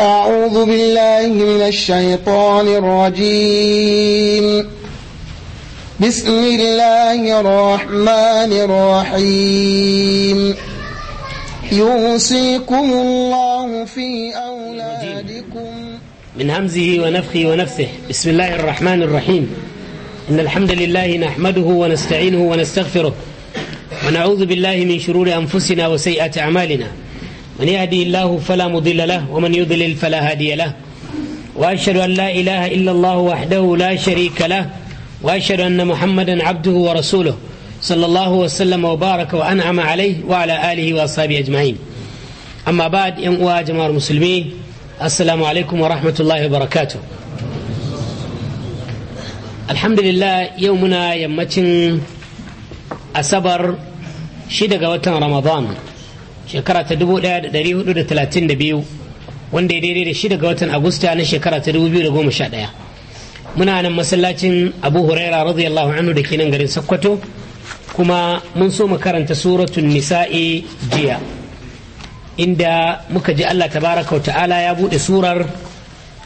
أعوذ بالله من الشيطان الرجيم بسم الله الرحمن الرحيم يوصيكم الله في أولادكم من همزه ونفخه ونفثه بسم الله الرحمن الرحيم إن الحمد لله نحمده ونستعينه ونستغفره ونعوذ بالله من شرور أنفسنا وسيئات أعمالنا من يهدي الله فلا مضل له ومن يضلل فلا هادي له وأشهد أن لا إله إلا الله وحده لا شريك له وأشهد أن محمدا عبده ورسوله صلى الله وسلم وبارك وأنعم عليه وعلى آله وأصحابه أجمعين أما بعد يا جماعة المسلمين السلام عليكم ورحمة الله وبركاته الحمد لله يومنا يمتن أسبر شدق وتن رمضان shekara ta 1432 wanda ya daidai da shida ga watan agusta na shekara ta 2011 muna nan masallacin abu huraira radiyallahu anhu da ke nan garin sakkwato kuma mun so mu karanta suratun nisa'i jiya inda muka ji allah tabaraka wa ta'ala ya buɗe surar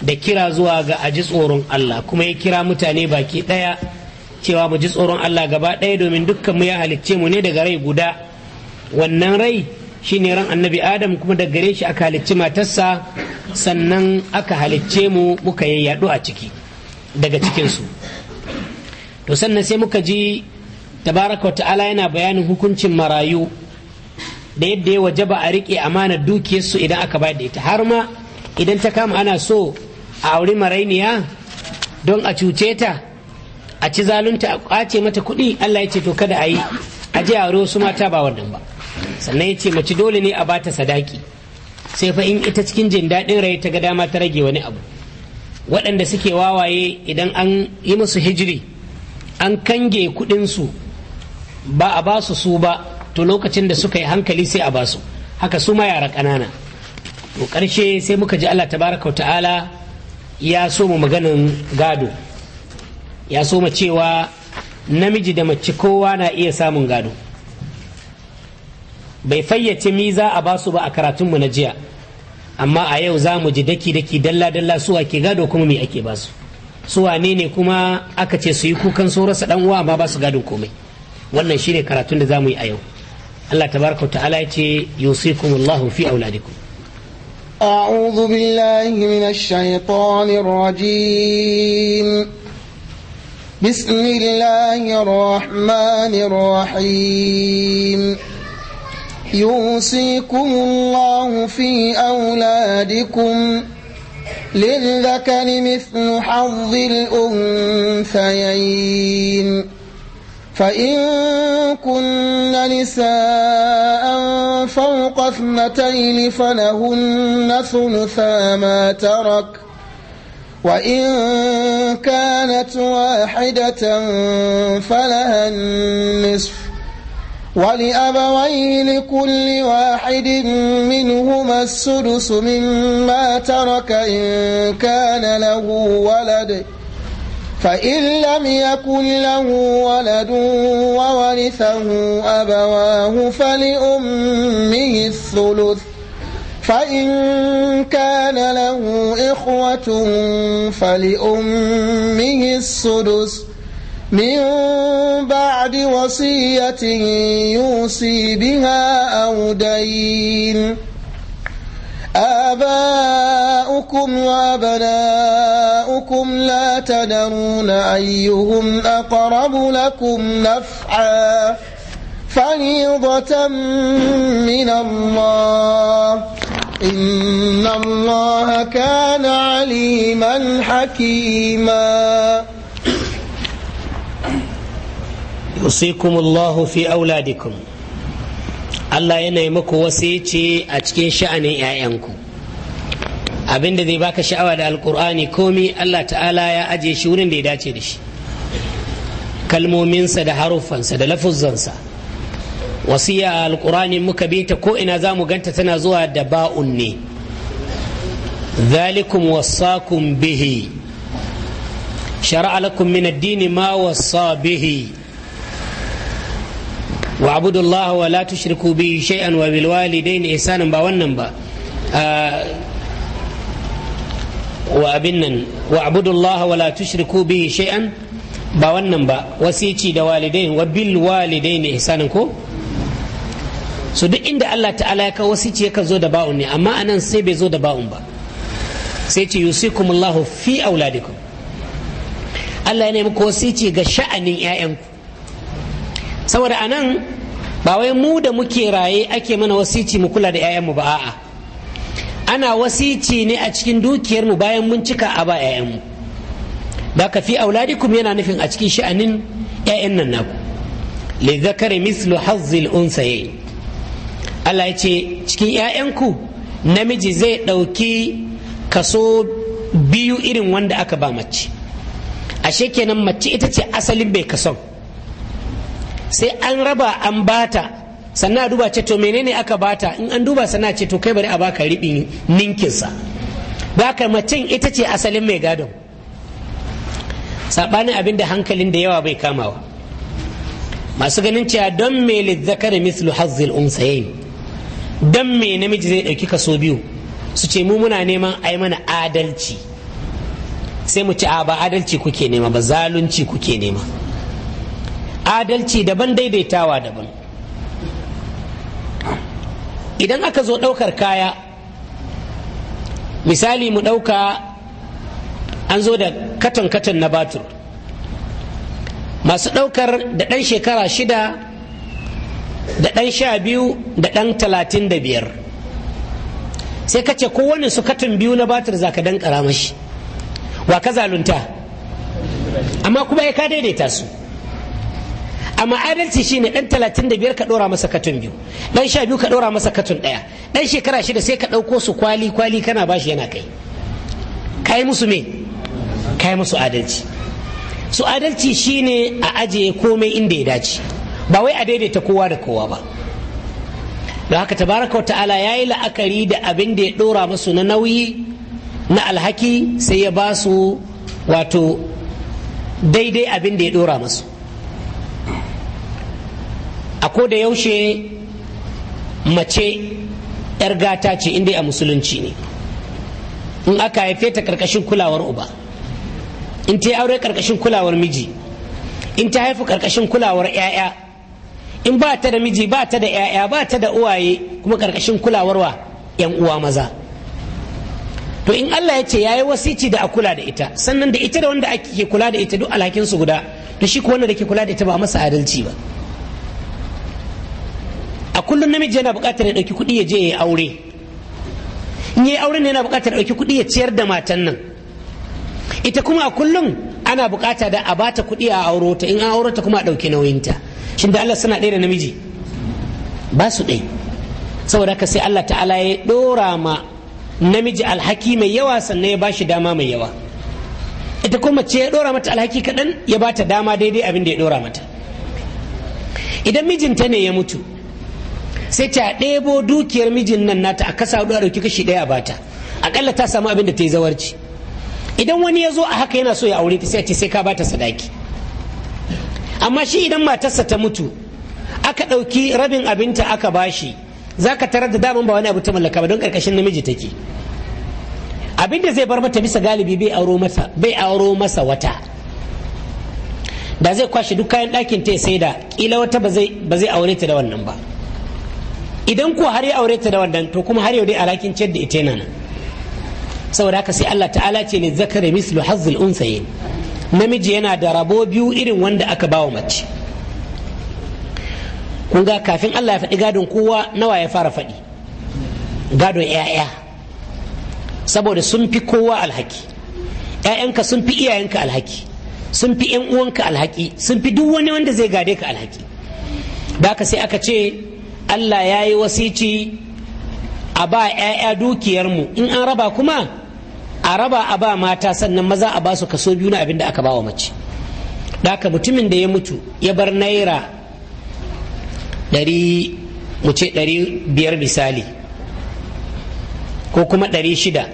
da kira zuwa ga aji tsoron allah kuma ya kira mutane baki ɗaya cewa mu ji tsoron allah gaba ɗaya domin dukkan mu ya halicce mu ne daga rai guda wannan rai Shi ne ran annabi adam kuma da gare shi aka halicci matarsa sannan aka halicce mu muka yayyadu a ciki daga cikinsu to sannan sai muka ji tabaraka ta'ala yana bayanin hukuncin marayu da yadda ya waje ba a riƙe amanar dukiyarsu idan aka bayar da ita har ma idan ta kama ana so a auri marainiya don a cuce ta a ci zalunta a ƙwace mata kuɗi allah ya ce to kada a yi a je a wasu mata ba wannan ba sannan ya ce mace dole ne a bata sadaki sai fa in ita cikin jin daɗin rai ta ga dama ta rage wani abu waɗanda suke wawaye idan an yi musu hijiri an kange kuɗinsu ba a basu su ba to lokacin da suka yi hankali sai a basu haka su ma yara ƙanana to ƙarshe sai muka ji allah tabaraka ta'ala ya so mu maganin gado ya so mu cewa namiji da mace kowa na iya samun gado bai fayyace mi za a basu ba a karatunmu na jiya amma a yau za mu ji daki-daki dalla-dalla suwa ke gado kuma me ake basu suwa ne ne kuma aka ce su yi kukan su dan uwa amma ba su gado komai wannan shine karatun da za mu yi a yau Allah tabaraka ta'ala ya ce yusikumullahu fi auladikum أعوذ بالله من الشيطان الرجيم بسم الله الرحمن الرحيم يوصيكم الله في أولادكم للذكر مثل حظ الأنثيين فإن كن نساء فوق اثنتين فلهن ثلثا ما ترك وإن كانت واحدة فلها النصف ولأبويه لكل واحد منهما السدس مما ترك إن كان له ولد فإن لم يكن له ولد وورثه أبواه فلأمه الثلث فإن كان له إخوة فلأمه السدس من بعد وصية يوصي بها أو دين آباؤكم وأبناؤكم لا تدرون أيهم أقرب لكم نفعا فريضة من الله إن الله كان عليما حكيما يوصيكم الله في أولادكم Allah yana yi muku wasici a cikin sha'anin 'ya'yanku abin da zai baka sha'awa da alkur'ani komi Allah ta'ala ya aje shi wurin da ya dace da shi kalmominsa da haruffansa da lafuzzansa wasiya a alkur'ani muka bi ta ko'ina za mu ganta tana zuwa da ba'un ne zalikum wasakum bihi shara'a min addini ma wasa bihi wa abudullah wa la tushriku bi shay'an wa bil walidaini ihsanan ba wannan ba wa abin nan wa abudullah wa la tushriku bi shay'an ba wannan ba wasici da walidai wa bil walidai ne ihsanin ko so duk inda Allah ta'ala ya kawo wasici yakan zo da ba'un ne amma anan sai bai zo da ba'un ba sai ce yusikumullahu fi auladikum Allah ya nemi ko wasici ga sha'anin 'ya'yanku saboda nan, ba wai mu da muke raye ake mana wasici mu kula da 'ya'yanmu ba a'a ana wasici ne a cikin dukiyarmu bayan mun cika a ba 'ya'yanmu da ka fi auladikum yana nufin a cikin sha'anin 'ya'yan nan naku li zakari mislu hazzil unsaye Allah ya ce cikin 'ya'yanku namiji zai ɗauki kaso biyu irin wanda aka ba mace ashe kenan mace ita ce asalin bai kason sai an raba an bata sannan a duba ceto to menene aka bata in an duba sannan ce to kai bari a baka riɓi ninkinsa ba baka macen ita ce asalin mai gadon saɓanin abin da hankalin da yawa bai kamawa masu ganin cewa don me lizzakar mislu hazil unsayin don me namiji zai ɗauki kaso biyu su ce mu muna neman ai mana adalci sai mu ci a ba adalci kuke nema ba zalunci kuke nema adalci daban daidaitawa daban idan aka zo ɗaukar kaya misali mu ɗauka an zo da katon-katon na batur masu ɗaukar da ɗan shekara shida da ɗan sha biyu da ɗan talatin da biyar sai ka ce kowane su katon biyu na batur za ka dan mashi wa ka zalunta amma kuma ya ka daidaita su amma adalci shine dan 35 ka dora masa katun biyu dan 12 ka dora masa katun daya dan shekara shida sai ka dauko su kwali kwali kana bashi yana kai kai musu me kai musu adalci su adalci shine a ajiye komai inda ya dace ba wai a daidaita kowa da kowa ba don haka tabaraka wa ta'ala ya yi la'akari da abin da ya dora masu na nauyi na alhaki sai ya ba su wato daidai abin da ya dora masu. a ko da yaushe mace 'yar gata ce inda a musulunci ne in aka haife ta karkashin kulawar uba in ta yi aure karkashin kulawar miji in ta haifu karkashin kulawar 'ya'ya in ba ta da miji ba ta da 'ya'ya ba ta da uwaye kuma karkashin kulawar wa 'yan uwa maza to in Allah ya ce ya yi wasici da a kula da ita sannan da ita da wanda ake kula da ita duk alhakinsu guda to shi ko wanda da ke kula da ita ba masa adalci ba kullum namiji yana buƙatar ya ɗauki kuɗi ya je ya aure in yi aure ne yana buƙatar ɗauki kuɗi ya ciyar da matan nan ita kuma a kullum ana buƙata da a bata kuɗi a auro ta in an auro ta kuma a ɗauki ta. shin da Allah suna ɗaya da namiji ba su ɗai saboda haka sai Allah ta'ala ya ɗora ma namiji alhaki mai yawa sannan ya bashi dama mai yawa ita kuma ce ya ɗora mata alhaki kaɗan ya bata dama daidai abin da ya ɗora mata idan mijinta ne ya mutu sai ta ɗebo dukiyar mijin nan nata a kasa hudu a ɗauki kashi ɗaya a bata akalla ta samu abin da ta yi zawarci idan wani ya zo a haka yana so ya aure ta sai ce sai ka bata sadaki amma shi idan matarsa ta mutu aka ɗauki rabin abinta aka bashi za ka tarar da daman ba wani abu ta mallaka ba don ƙarƙashin namiji take abin da zai bar mata bisa galibi bai auro masa bai auro masa wata da zai kwashe duk kayan ɗakin ta ya saida ƙila wata ba zai aure ta da wannan ba idan ko har ya aure ta da wannan to kuma har yau dai alakin ciyar da ita nan saboda haka sai Allah ta'ala ce ne zakari mislu hazzul unsayin namiji yana da rabo biyu irin wanda aka bawa mace kun ga kafin Allah ya faɗi gadon kowa nawa ya fara faɗi gadon 'ya'ya saboda sun fi kowa alhaki 'ya'yanka sun fi iyayenka alhaki sun fi ƴan uwanka alhaki sun fi duk wani wanda zai gade ka alhaki da haka sai aka ce Allah ya yi wasici a ba 'ya'ya dukiyarmu in an raba kuma a raba a ba mata sannan maza a ba su kaso biyu na abin da aka ba wa mace haka mutumin da ya mutu ya bar naira ɗari mu biyar misali ko kuma ɗari shida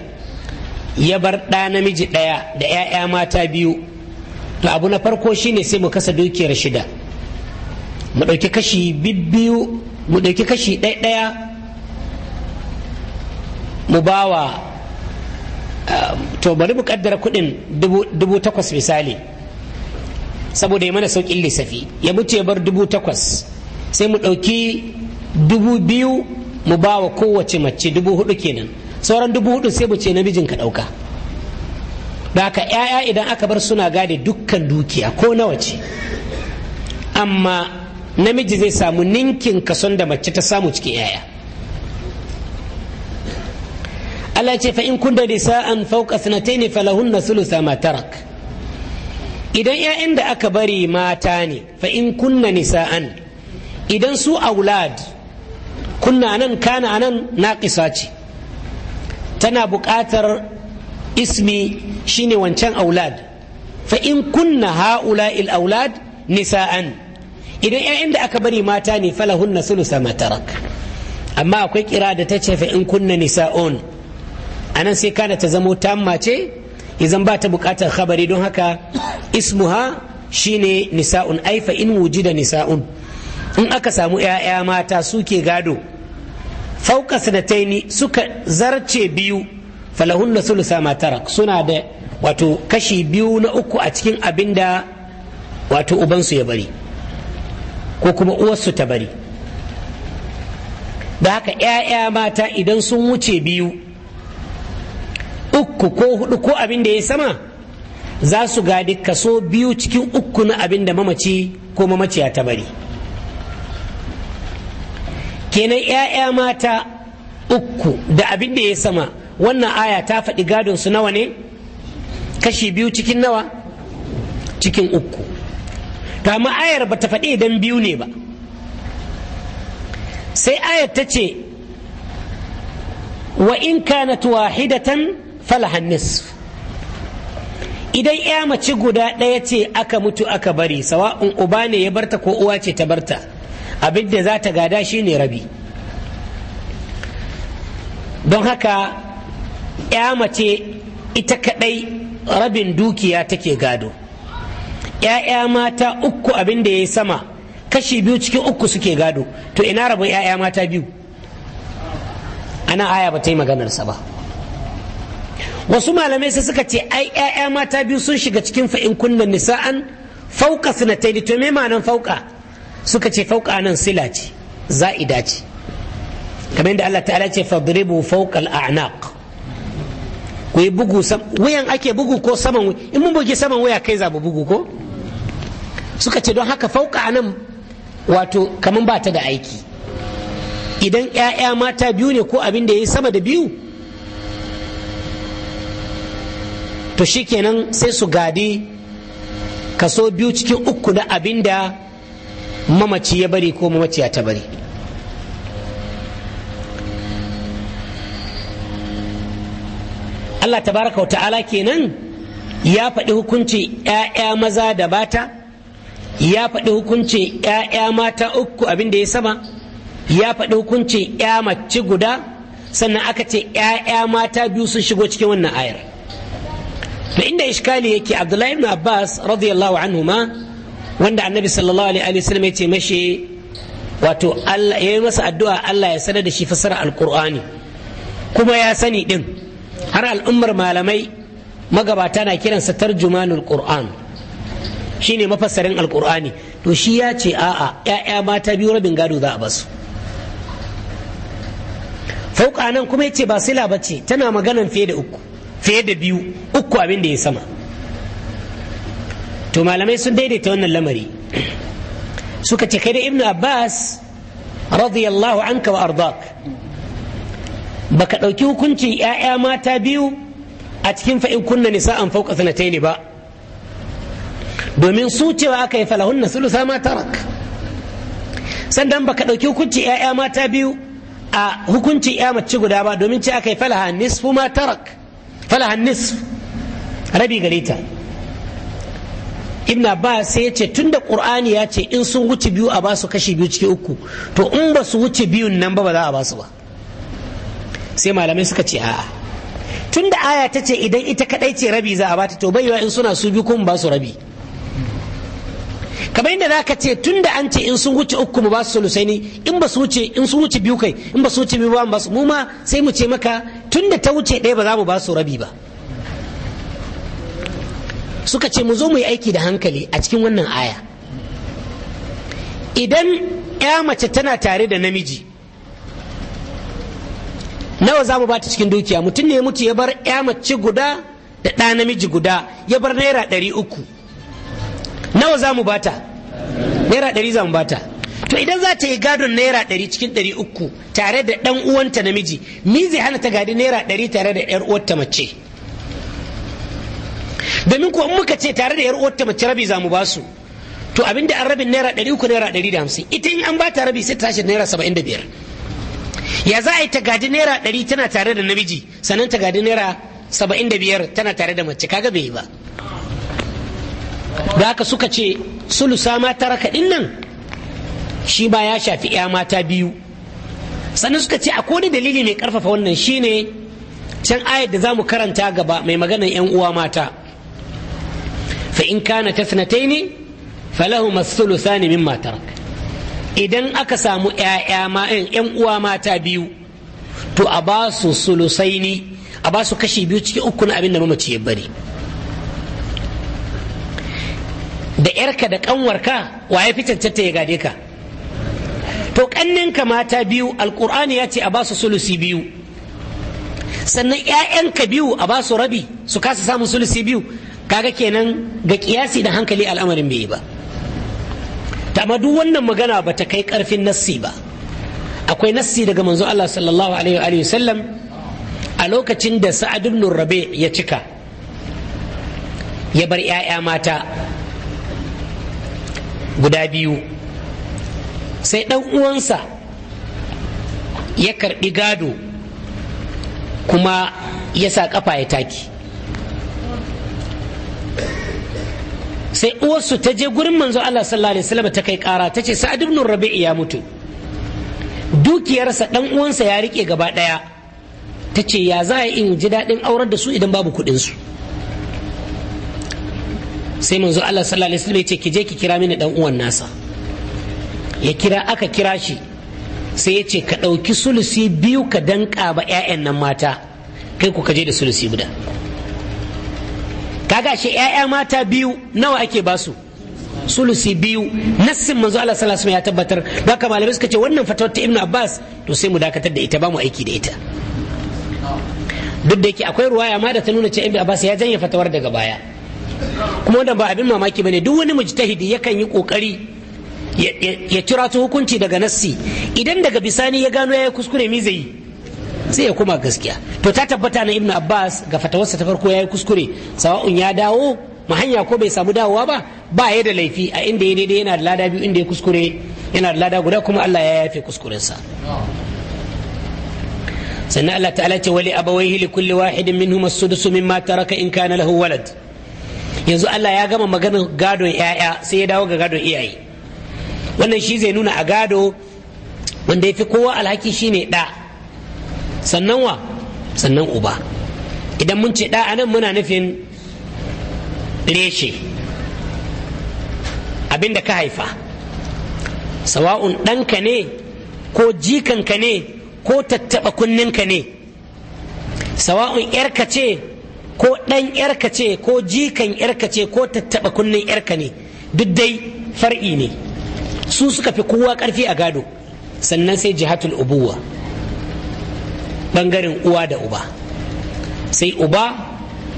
ya bar ɗa namiji ɗaya da 'ya'ya mata biyu to abu na farko shine sai mu kasa dukiyar shida mu ɗauki kashi bi-biyu. mu ɗauki kashi ɗaya mu bawa to bari mu kaddara kuɗin dubu takwas misali saboda ya mana sauƙin lissafi ya mutu ya bar dubu takwas sai mu ɗauki dubu biyu mu bawa kowace mace dubu hudu kenan sauran dubu hudu sai mu ce namijin ka ɗauka da haka 'ya'ya idan aka bar suna gade dukkan dukiya ko na ce amma namiji zai samu ninkin kason da mace ta samu cikin yaya Allah ce fa in kunna nisa'an fawqa sanatayn falahunna thulutha ma tarak idan ƴaƴan da aka bari mata ne fa in kunna nisa'an idan su aulad kunna nan kana nan ƙisa ce tana buƙatar ismi shine wancan aulad fa in kunna ha'ula'il aulad nisa'an idan 'ya'yan da aka bari mata ne na sulusa matarak amma akwai kira da ta ce in kunna nisa'un anan sai kana ta zamo tamma ce idan ba ta bukatar habari don haka ismuha shine nisa'un ai fa in da nisa'un in aka samu 'ya'ya mata suke gado fauka sanataini suka zarce biyu falahunna sulusa matarak suna da wato kashi biyu na uku a cikin abinda wato ubansu ya bari ko kuma uwarsu ta bari da haka 'ya'ya mata idan sun wuce biyu uku ko hudu ko abin da ya sama za su gadi kaso biyu cikin uku na abin da mamaci ko mamaciya ta bari kenan 'ya'ya mata uku da abin da ya sama wannan aya ta faɗi gadon su nawa ne kashi biyu cikin nawa cikin uku kama ayar ba ta faɗi idan biyu ne ba sai ayar ta ce wa in kanat wahidatan falahan nisf idan ya mace guda ɗaya ce aka mutu aka bari sawa'un uba ne ya barta ko uwa ce ta barta abin da za ta gada ne rabi don haka ya mace ita kaɗai rabin dukiya take gado 'ya'ya mata uku abin da ya yi sama kashi biyu cikin uku suke gado to ina rabon 'ya'ya mata biyu ana aya ba ta yi maganarsa ba wasu malamai sai suka ce ai 'ya'ya mata biyu sun shiga cikin fa'in kunnan nisa'an fauka sinatai to me ma'anan fauka suka ce fauka nan sila ce za'ida ce kamar yadda Allah ta'ala ce fadribu fawqa al-a'naq ku yi bugu wuyan ake bugu ko saman in mun bugi saman waya kai za bugu ko suka ce don haka fauka nan wato kamar ba ta da aiki idan 'ya'ya mata biyu ne ko abin da ya yi sama da biyu to shikenan sai su gadi kaso biyu cikin uku na abin da mamaci ya bari ko mamaciya ta bari Allah tabaraka wa ta'ala kenan ya faɗi hukunci 'ya'ya maza da bata ya faɗi hukuncin ‘ya'ya mata uku abin da ya sama ya faɗi hukuncin ‘ya mace guda sannan aka ce ‘ya'ya mata biyu sun shigo cikin wannan ayar da inda iskali yake abdullahi ibn abbas radiyallahu anhu ma wanda annabi sallallahu alaihi sallam ya ce mashi wato Allah ya masa addu'a Allah ya sanar da shi fasara alqur'ani kuma ya sani din har al'ummar malamai magabata na kiransa tarjumanul qur'an shine mafassarin alkur'ani to shi ya ce a'a yaya mata biyu rabin gado za a basu fauka nan kuma yace ba sila bace tana maganan fiye da uku fiye da biyu uku abin da ya sama to malamai sun daidaita wannan lamari suka ce kai da ibnu abbas radiyallahu anka wa ardak baka ɗauki hukuncin 'ya'ya mata biyu a cikin fa'in kunna nisa'an fauka sanataini ba domin su cewa aka yi falahun na sulusa ma tarak sannan baka ɗauki hukunci 'ya'ya mata biyu a hukunci 'ya mace guda ba domin ce aka yi falaha nisfu ma tarak falaha nisfu rabi gare ta ibn ba sai ya ce tunda qur'ani ya ce in sun wuce biyu a ba su kashi biyu cikin uku to in ba su wuce biyun nan ba ba za a ba su ba sai malamai suka ce a'a tunda aya ta ce idan ita kadai ce rabi za a bata to baiwa in suna su biyu kuma ba su rabi kamar yadda zaka ce tunda da an ce in sun wuce uku mu ba su sulusai in ba su wuce in sun wuce biyu kai in ba su wuce biyu ba mu ba su mu ma sai mu ce maka tunda ta wuce ɗaya ba za mu ba su rabi ba suka ce mu zo mu yi aiki da hankali a cikin wannan aya idan ya mace tana tare da namiji nawa za mu ba ta cikin dukiya mutum ne mutu ya bar ya mace guda da ɗa namiji guda ya bar naira ɗari uku nawa za mu bata naira ɗari za mu bata to idan za ta yi gadon naira ɗari cikin ɗari uku tare da ɗan uwanta namiji mi zai hana ta gadi naira ɗari tare da ƴar uwarta mace domin kuwa in muka ce tare da ƴar uwarta mace rabi za mu ba su to abin da an rabin naira ɗari uku naira ɗari da hamsin ita in an ba ta rabi sai ta tashi naira saba'in da biyar ya za a yi ta gadi naira ɗari tana tare da namiji sannan ta gadi naira saba'in da biyar tana tare da mace kaga bai yi ba da haka suka ce sulusa ma taraka nan shi ba ya shafi ya mata biyu sannan suka ce akwai wani dalili mai karfafa wannan shine can ayat da za mu karanta gaba mai maganar yan uwa mata fa in kana tasnataini falahuma thuluthani min tarak idan aka samu ƴaƴa eh, uwa mata biyu to a ba su sulusaini a ba su kashi biyu cikin uku na abin da mamaci ya bari da yarka da kanwarka wa ya fi cancanta ya gade ka to kanninka mata biyu alkur'ani ya ce a basu sulusi biyu sannan 'ya'yanka biyu a basu rabi su kasa samun sulusi biyu kaga kenan ga kiyasi da hankali al'amarin bai yi ba amma duk wannan magana ba ta kai karfin nassi ba akwai nassi daga manzo Allah sallallahu alaihi wa sallam a lokacin da sa'ad ibn rabi ya cika ya bar 'ya'ya mata guda biyu sai ɗan uwansa ya karɓi gado kuma ya sa ƙafa ya taki sai uwarsu ta je gurin manzo Allah sallallahu alaihi wasallam ta kai ƙara ta ce sa'ad ibn rabi'i ya mutu dukiyarsa ɗan uwansa ya riƙe gaba ɗaya ta ce ya za in ji daɗin aurar da su idan babu kuɗinsu sai manzo Allah sallallahu alaihi wasallam ya ce ki je ki kira mini dan uwan nasa ya kira aka kira shi sai ya ce ka ɗauki sulusi biyu ka danka ba 'ya'yan nan mata kai ku kaje da sulusi guda kaga shi 'ya'ya mata biyu nawa ake basu sulusi biyu nassin manzo Allah sallallahu alaihi ya tabbatar da haka malamai suka ce wannan fatawar ta ibnu Abbas to sai mu dakatar da ita ba mu aiki da ita duk da yake akwai ruwaya ma da ta nuna cewa ibnu Abbas ya janye fatawar daga baya kuma wanda ba abin mamaki bane duk wani mujtahidi yakan yi kokari ya cirato hukunci daga nassi idan daga bisani ya gano ya yi kuskure mi zai sai ya koma gaskiya to ta tabbata na ibnu abbas ga fatawarsa ta farko ya yi kuskure sawa'un ya dawo ma hanya ko bai samu dawowa ba ba ya da laifi a inda ya daidai yana da lada biyu inda ya kuskure yana da lada guda kuma allah ya yafe kuskurensa sannan allah ta'ala ce wali abawaihi li kulli wahidin minhum as-sudus mimma taraka in kana lahu walad yanzu Allah ya gama maganar gadon 'ya'ya sai ya dawo ga gadon iyaye wannan shi zai nuna a gado wanda ya fi kowa alhaki shi ne ɗa sannan wa sannan uba idan mun ce ɗa anan muna nufin reshe Abinda ka haifa sawa'un ɗanka ne ko jikanka ne ko tattaɓa kunninka ne sawa'un 'yarka ce ko ɗan yarka ce ko jikan yarka ce ko tattaɓa kunnen yarka ne duk dai far'i ne su suka fi kowa ƙarfi a gado sannan sai jihatul ubuwa ɓangaren uwa da uba sai uba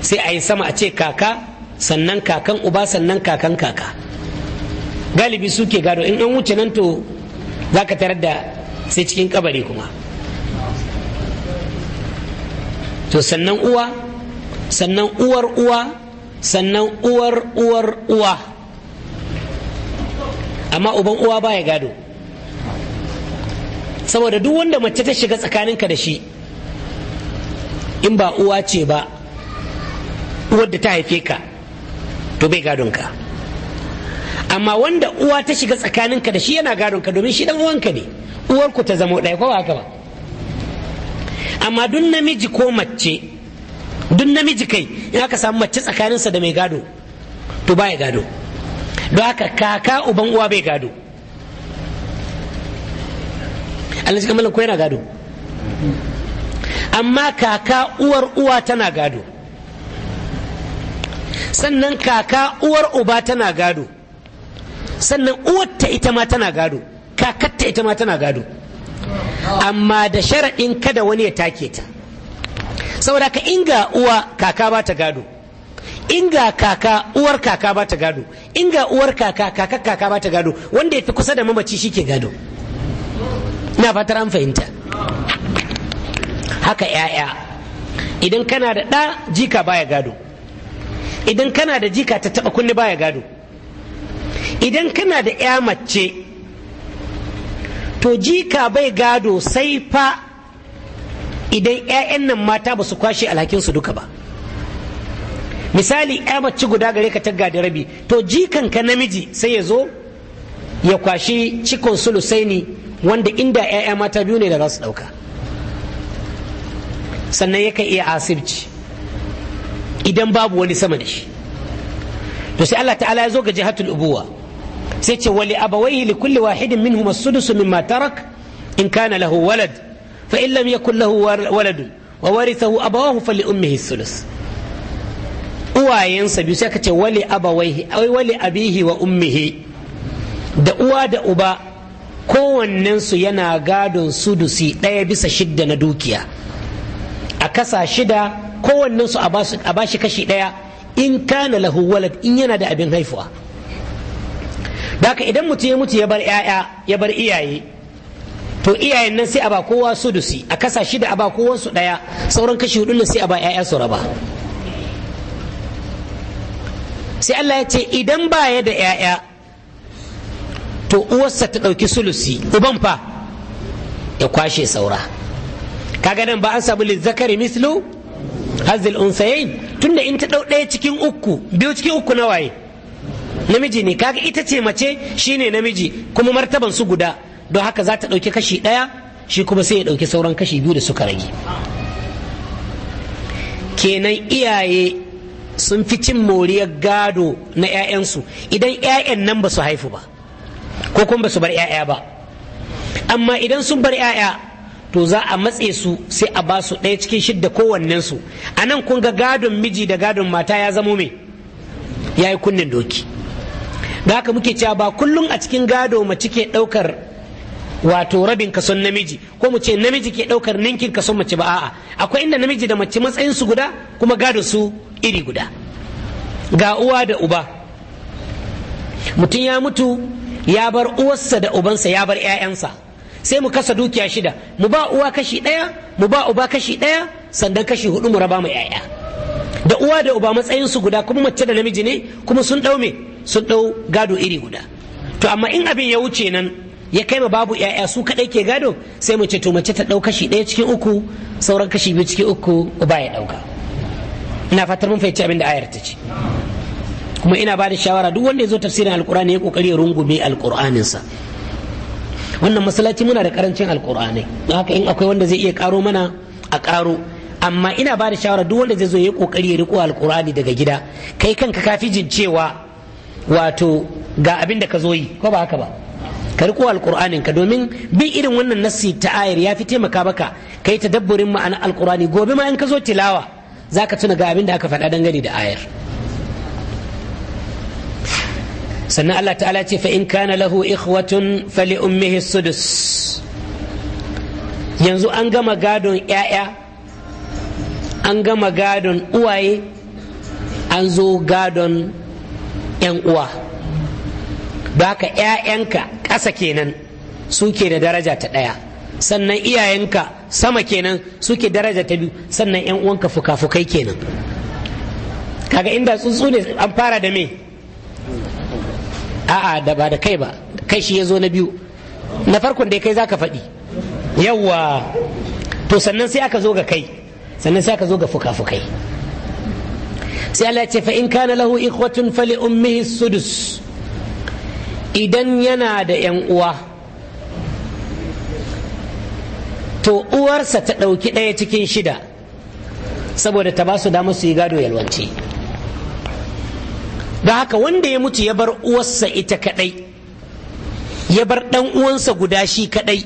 sai a yi sama a ce kaka sannan kakan uba sannan kakan kaka galibi suke gado in an wuce nan to za ka tarar da sai cikin kabari kuma to sannan uwa sannan uwar uwa sannan uwar uwar uwa amma uban uwa baya gado saboda duk wanda mace ta shiga tsakaninka da shi in ba uwa ce ba uwar da ta haife ka to bai gadonka amma wanda uwa ta shiga tsakaninka da shi yana gadonka domin shi dan uwanka ne uwarku ta zamo ɗaya ko ba haka ba amma duk namiji ko mace duk namiji kai in aka samu mace tsakaninsa da mai gado to baya gado don haka kaka uban uwa bai gado Allah shi kamar ko yana gado amma kaka uwar uwa tana gado sannan kaka uwar uba tana gado sannan uwarta ita ma tana gado kakatta ita ma tana gado amma da sharaɗin kada wani ya take ta saboda ka inga uwa kaka ba ta gado inga kaka uwar kaka ba ta gado inga uwar kaka kaka kaka ba ta gado wanda ya fi kusa da mamaci shi ke gado na fatar an fahimta haka ‘ya'ya idan kana da ɗa jika baya gado idan kana da jika ta taɓa kunni baya gado idan kana da ‘ya mace to jika bai gado sai fa idan 'ya'yan nan mata ba su kwashe alhakinsu duka ba misali 'ya mace guda gare ka tagga da rabi to jikan ka namiji sai ya zo ya kwashe cikon sulusaini wanda inda 'ya'ya mata biyu ne da za su ɗauka sannan yakan iya asibci idan babu wani sama da shi to sai Allah ta'ala ya zo ga jihatul ubuwa sai ce wali abawaihi li kulli wahidin minhum as-sudus mimma matarak in kana lahu walad فإن لم يكن له ولد وورثه أبواه فلأمه الثلث uwayensa biyu sai aka ce wali abawaihi wali abihi wa ummihi da uwa da uba su yana gadon sudusi ɗaya bisa shidda na dukiya a kasa shida su a bashi kashi ɗaya in kana lahu walad in yana da abin haifuwa daka idan mutum ya mutu ya bar 'ya'ya ya bar iyaye to iyayen nan sai a ba kowa su su a kasa shida a ba kowa su daya sauran kashi hudu ne sai a ba ƴaƴa su raba sai Allah ya ce idan ba ya da ƴaƴa to uwarsa ta ɗauki sulusi uban fa ya kwashe saura kaga nan ba an samu Zakari mislu hazil unsayin tunda in ta ɗau ɗaya cikin uku biyu cikin uku na waye namiji ne kaga ita ce mace shine namiji kuma martaban su guda don haka za ta ɗauki kashi ɗaya shi kuma sai ya ɗauki sauran kashi biyu da suka rage kenan iyaye sun fi cin moriyar gado na 'ya'yansu idan 'ya'yan nan ba su haifu ba ko kuma ba su bar 'ya'ya ba amma idan sun bar 'ya'ya to za a matse su sai a ba su ɗaya cikin shidda kowannensu a nan kun ga gadon miji da gadon mata ya zamo mai ya yi kunnen doki da haka muke cewa ba kullum a cikin gado mace ke ɗaukar wato rabin kason namiji ko mu ce namiji ke ɗaukar ninkin kason mace ba a'a akwai inda namiji da mace matsayin su guda kuma gado su iri guda ga uwa da uba mutum ya mutu ya bar uwarsa da ubansa ya bar 'ya'yansa sai mu kasa dukiya shida mu ba uwa kashi ɗaya mu ba uba kashi ɗaya sannan kashi hudu mu raba mu 'ya'ya da uwa da uba matsayin su guda kuma mace da namiji ne kuma sun dau me sun dau gado iri guda to amma in abin ya wuce nan ya kai ma babu yaya su kadai ke gado sai mu ce to mace ta dau kashi daya cikin uku sauran kashi biyu cikin uku uba ya ɗauka ina fatar mun fahimci abin da ayar ta ce kuma ina bada shawara duk wanda ya zo tafsirin alkur'ani ya kokari ya rungume alkur'aninsa wannan masallaci muna da karancin alkur'ani haka in akwai wanda zai iya karo mana a karo amma ina ba da shawara duk wanda zai zo ya kokari ya riko alkur'ani daga gida kai kanka ka fi jin cewa wato ga abin da ka zo yi ko ba haka ba ka riko alqur'anin ka domin bin irin wannan nassi ta ayar ya fi taimaka maka kai dabburin ma'ana alkurani gobe ma in ka zo tilawa zaka tuna ga abin da aka faɗa dangane da ayar sannan Allah ta'ala ce fa in kana lahu ikhwatun fali ummihi sudus yanzu an gama gadon ‘ya'ya an gama gadon uwaye an zo gadon ‘yan uwa’ Ba haka 'ya'yanka ƙasa kenan suke da daraja ta ɗaya sannan iyayenka sama kenan suke daraja ta biyu sannan 'yan uwanka fuka-fukai kenan kaga inda tsuntsu ne an fara da me a'a da ba da kai ba kai shi ya zo na biyu na farkon da kai za ka faɗi yawwa to sannan sai aka zo ga kai sannan sai aka zo ga fuka-fukai sai Allah ce fa in kana lahu ikhwatun fali ummihi sudus idan yana da 'yan uwa to uwarsa ta ɗauki ɗaya cikin shida saboda ta ba su damar su yi gado yalwanci da haka wanda ya mutu ya bar uwarsa ita kaɗai ya bar ɗan uwansa guda shi kaɗai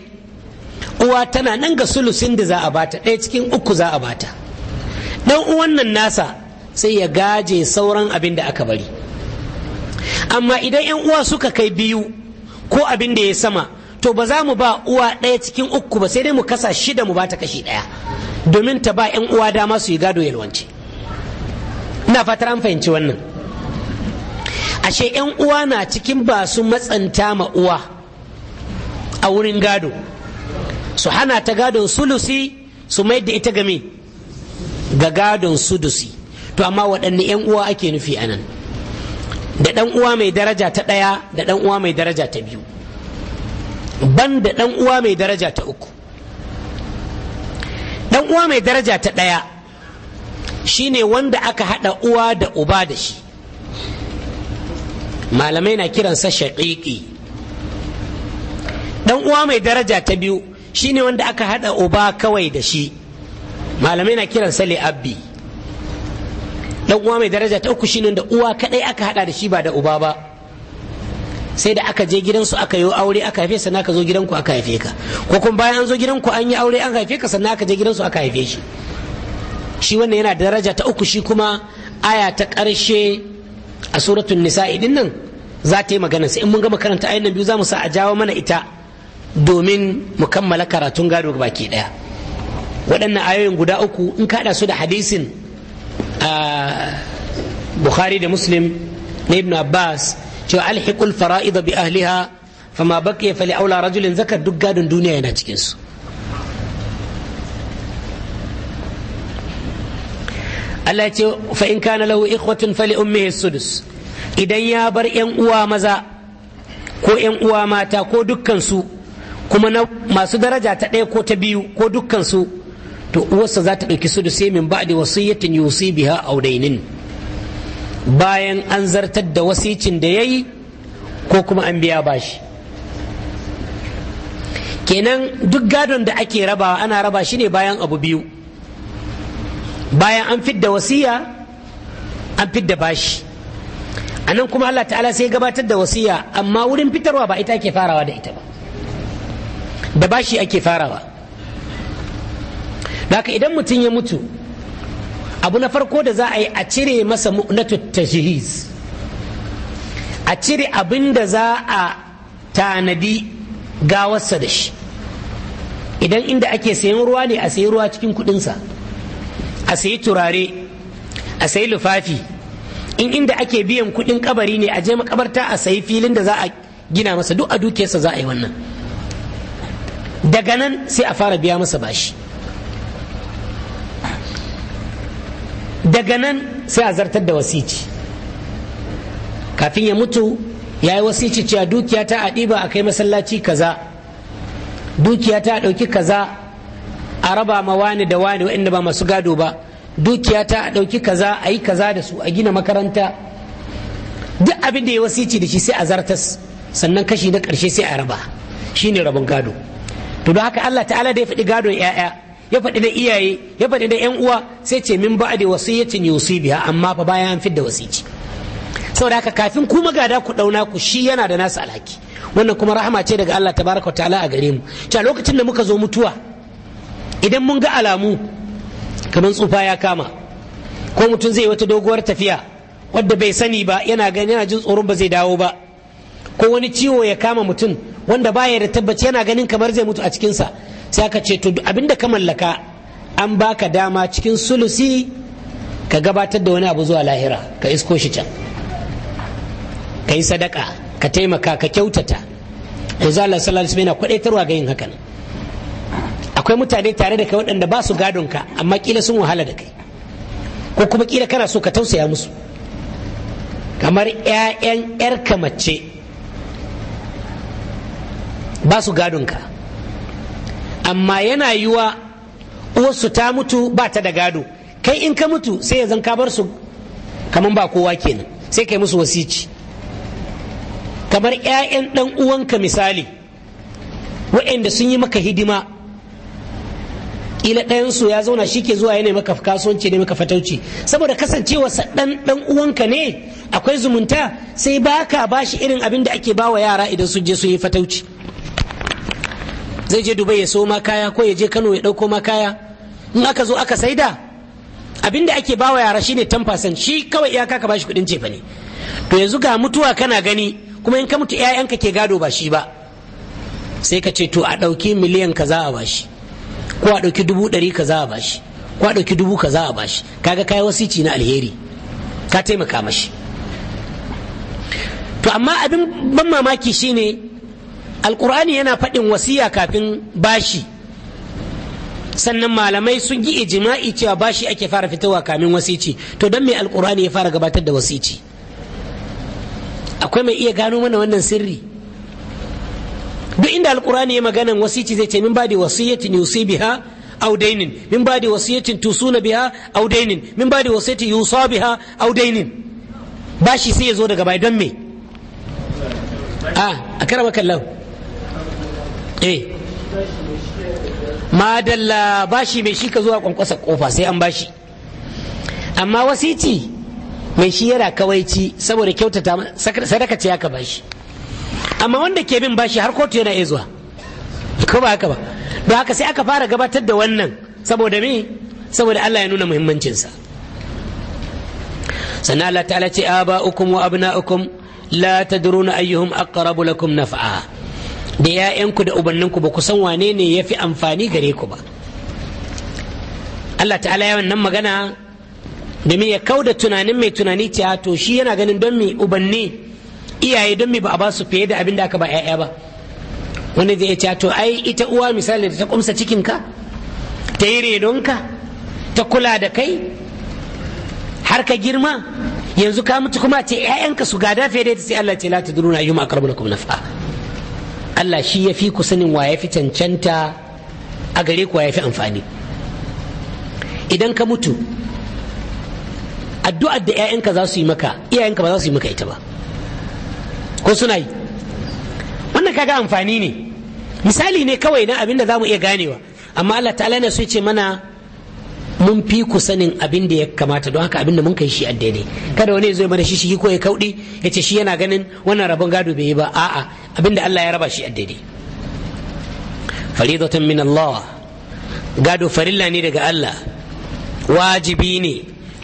uwa tana nan ga sulusin da za a bata ɗaya cikin uku za a bata ɗan uwan nan nasa sai ya gaje sauran abin da aka bari amma idan 'yan uwa suka kai biyu ko abin da ya sama to ba za mu ba uwa ɗaya cikin uku ba sai dai mu kasa shida mu ba ta kashi ɗaya domin ta ba 'yan uwa dama su yi gado yalwance ina fatar an fahimci wannan ashe 'yan uwa na cikin ba su matsanta ma uwa a wurin gado su hana ta gadon sulusi su mai da ita game ga gadon sudusi to amma waɗanne 'yan uwa ake nufi anan da ɗan uwa mai daraja ta ɗaya da ɗan uwa mai daraja ta biyu ban da ɗan uwa mai daraja ta uku ɗan uwa mai daraja ta ɗaya shine wanda aka haɗa uwa da uba da shi malamai na kiransa shaƙiƙi ɗan uwa mai daraja ta biyu shine wanda aka haɗa uba kawai da shi malamai na kiransa li'abbi dan uwa mai daraja ta uku shine da uwa kadai aka hada da shi ba da uba ba sai da aka je gidansu aka yi aure aka haife sannan aka zo gidanku aka haife ka ko kuma bayan an zo gidanku an yi aure an haife ka sannan aka je gidansu aka haife shi shi wannan yana daraja ta uku shi kuma aya ta karshe a suratul nisa'i din nan za ta yi magana sai in mun ga karanta ayin nan biyu za mu sa a jawo mana ita domin mu kammala karatun gado baki daya waɗannan ayoyin guda uku in ka su da hadisin a bukhari da muslim na ibn abbas cewa alhikul fara'id bi ahliha fama baqiya fali aula rajulin zakar duk gadin duniya yana cikin su Allah ce fa in kana lahu ikhwatun fali ummihi sudus idan ya bar yan uwa maza ko yan uwa mata ko dukkan su kuma masu daraja ta ɗaya ko ta biyu ko dukkan su to uwarsa za ta ɗauki sai min ba'di wasiyyatin yusi biha audainin bayan an zartar da wasicin da yayi ko kuma an biya bashi kenan duk gadon da ake rabawa ana raba shi ne bayan abu biyu bayan an fidda wasiya an fidda bashi a nan kuma Allah ta'ala sai gabatar da wasiya amma wurin fitarwa ba ita ake farawa da ita ba da bashi ake farawa daka idan mutum ya mutu abu na farko da za a yi a cire masa mu'natu tajhiz a cire abin da za a tanadi gawarsa da shi idan inda ake sayan ruwa ne a sayi ruwa cikin kudinsa a sayi turare a sayi lufafi in inda ake biyan kudin kabari ne a je makabarta a sayi filin da za a gina masa duk a dukiyarsa za a yi wannan daga nan sai a fara biya masa bashi daga nan sai a zartar da wasici kafin ya mutu ya yi wasici cewa dukiya ta a ɗiba a kai masallaci kaza dukiya ta a ɗauki kaza a raba ma wani da wani waɗanda ba masu gado ba dukiya ta a ɗauki kaza a yi kaza da su a gina makaranta duk abin da ya wasici da shi sai a zartas sannan kashi na ƙarshe sai a raba shi ne rabin gado to don haka Allah ta'ala da ya faɗi gadon 'ya'ya ya faɗi da iyaye ya faɗi da 'yan uwa sai ce min ba da wasiyyatin yusi biya amma fa bayan an fidda wasici saboda haka kafin ku magada ku ɗauna ku shi yana da nasu alhaki wannan kuma rahama ce daga Allah tabaraka ta'ala a gare mu ta lokacin da muka zo mutuwa idan mun ga alamu kamar tsufa ya kama ko mutum zai wata doguwar tafiya wadda bai sani ba yana gani yana jin tsoron ba zai dawo ba ko wani ciwo ya kama mutum wanda baya da tabbaci yana ganin kamar zai mutu a cikinsa sai aka ce to abinda ka mallaka an baka dama cikin sulusi ka gabatar da wani abu zuwa lahira ka isko shi can ka yi sadaka ka taimaka ka kyautata ko za Allah sallallahu alaihi wasallam kwadaitarwa ga yin hakan akwai mutane tare da kai waɗanda ba su gadon ka amma kila sun wahala da kai ko kuma kila kana so ka tausaya musu kamar 'ya'yan 'yarka mace ba su gadon ka amma yana yiwa uwarsu ta mutu ba ta da gado kai in ka mutu sai ya ka bar su kamar ba kowa kenan sai kai musu wasici kamar 'ya'yan ɗan uwanka misali waɗanda sun yi maka hidima ila ɗayansu ya zauna shi ke zuwa yanayi maka kasuwanci ne maka fatauci saboda kasancewa ɗan ɗan uwanka ne akwai zumunta sai baka bashi irin abin da ake bawa yara idan sun je sun yi fatauci zai je dubai ya so ma kaya ko ya je kano ya ɗauko ma kaya in aka zo aka saida abin da ake bawa yara shine 10% shi kawai iyaka ka bashi kuɗin jefa ne to yanzu ga mutuwa kana gani kuma in ka mutu 'ya'yanka ke gado ba shi ba sai ka ce to a ɗauki miliyan ka za a bashi ko a ɗauki dubu ɗari za a bashi ko a ɗauki dubu ka za a bashi kaga kai wasici na alheri ka taimaka mashi to amma abin ban mamaki shine alkur'ani yana faɗin wasiya kafin bashi sannan malamai sun yi ijima'i cewa bashi ake fara fitowa kamin wasici to don me alkur'ani ya fara gabatar da wasici akwai mai iya gano mana wannan sirri duk inda alkur'ani ya maganan wasici zai ce min ba da wasiyyatin yusi biha aw dainin min ba da wasiyyatin tusuna biha aw dainin min ba da wasiyyatin yusa biha aw dainin bashi sai ya zo daga bai don me a ah, a karama eh madalla bashi mai shi ka zuwa kwankwasa kofa sai an bashi amma wasiti mai shi yana kawaici saboda kyautata sadaka ce ya bashi amma wanda ke bin bashi har kotu yana iya zuwa ko ba haka ba don haka sai aka fara gabatar da wannan saboda me saboda Allah ya nuna muhimmancinsa sannan Allah ta'ala ce aba ukum wa abna ukum la tadruna ayyuhum aqrabu lakum naf'a da 'ya'yanku da ubanninku ba ku san wane ne ya fi amfani gare ku ba Allah ta'ala ya wannan magana domin ya da tunanin mai tunani cewa to shi yana ganin don mi ubanni iyaye don mi ba a ba su fiye da abin da aka ba 'ya'ya ba wani zai ce to ai ita uwa misali da ta kumsa cikinka ta yi redonka ta kula da kai har ka girma yanzu ka mutu kuma ce 'ya'yanka su gada fiye da sai Allah ce la ta duruna ayyuma aqrabu lakum naf'a Allah shi ya fi ku sanin wa ya fi cancanta a gare ku ya fi amfani idan ka mutu addu'ar da 'ya'yanka za su yi maka iyayenka ba za su yi maka ita ba ko suna yi wannan kaga amfani ne misali ne kawai na abin da za mu iya ganewa amma Allah ta'ala ne so ce mana mun fi ku sanin abin da ya kamata don haka abinda da mun kai shi addini kada wani ya zo mana shi shi ko ya kaudi ya ce shi yana ganin wannan rabon gado bai yi ba a'a abinda Allah ya raba shi a daidai faridatan min Allah gado farilla ne daga Allah wajibi ne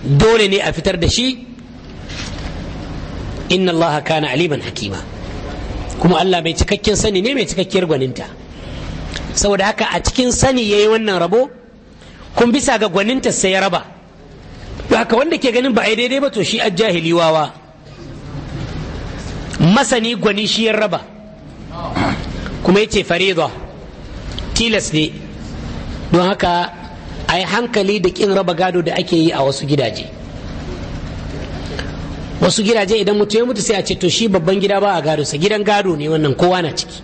dole ne a fitar da shi inna Allah kana aliman hakima kuma Allah mai cikakken sani ne mai cikakkiyar gwaninta saboda haka a cikin sani ya yi wannan rabo kun bisa ga gwaninta sai ya raba haka wanda ke ganin ba a daidai ba to shi a jahiliwawa masani gwani shi ya raba kuma yace farida tilas ne don haka a yi hankali da kin raba gado da ake yi a wasu gidaje wasu gidaje idan mutum ya mutu sai a ce to shi babban gida ba a gado sa gidan gado ne wannan kowa na ciki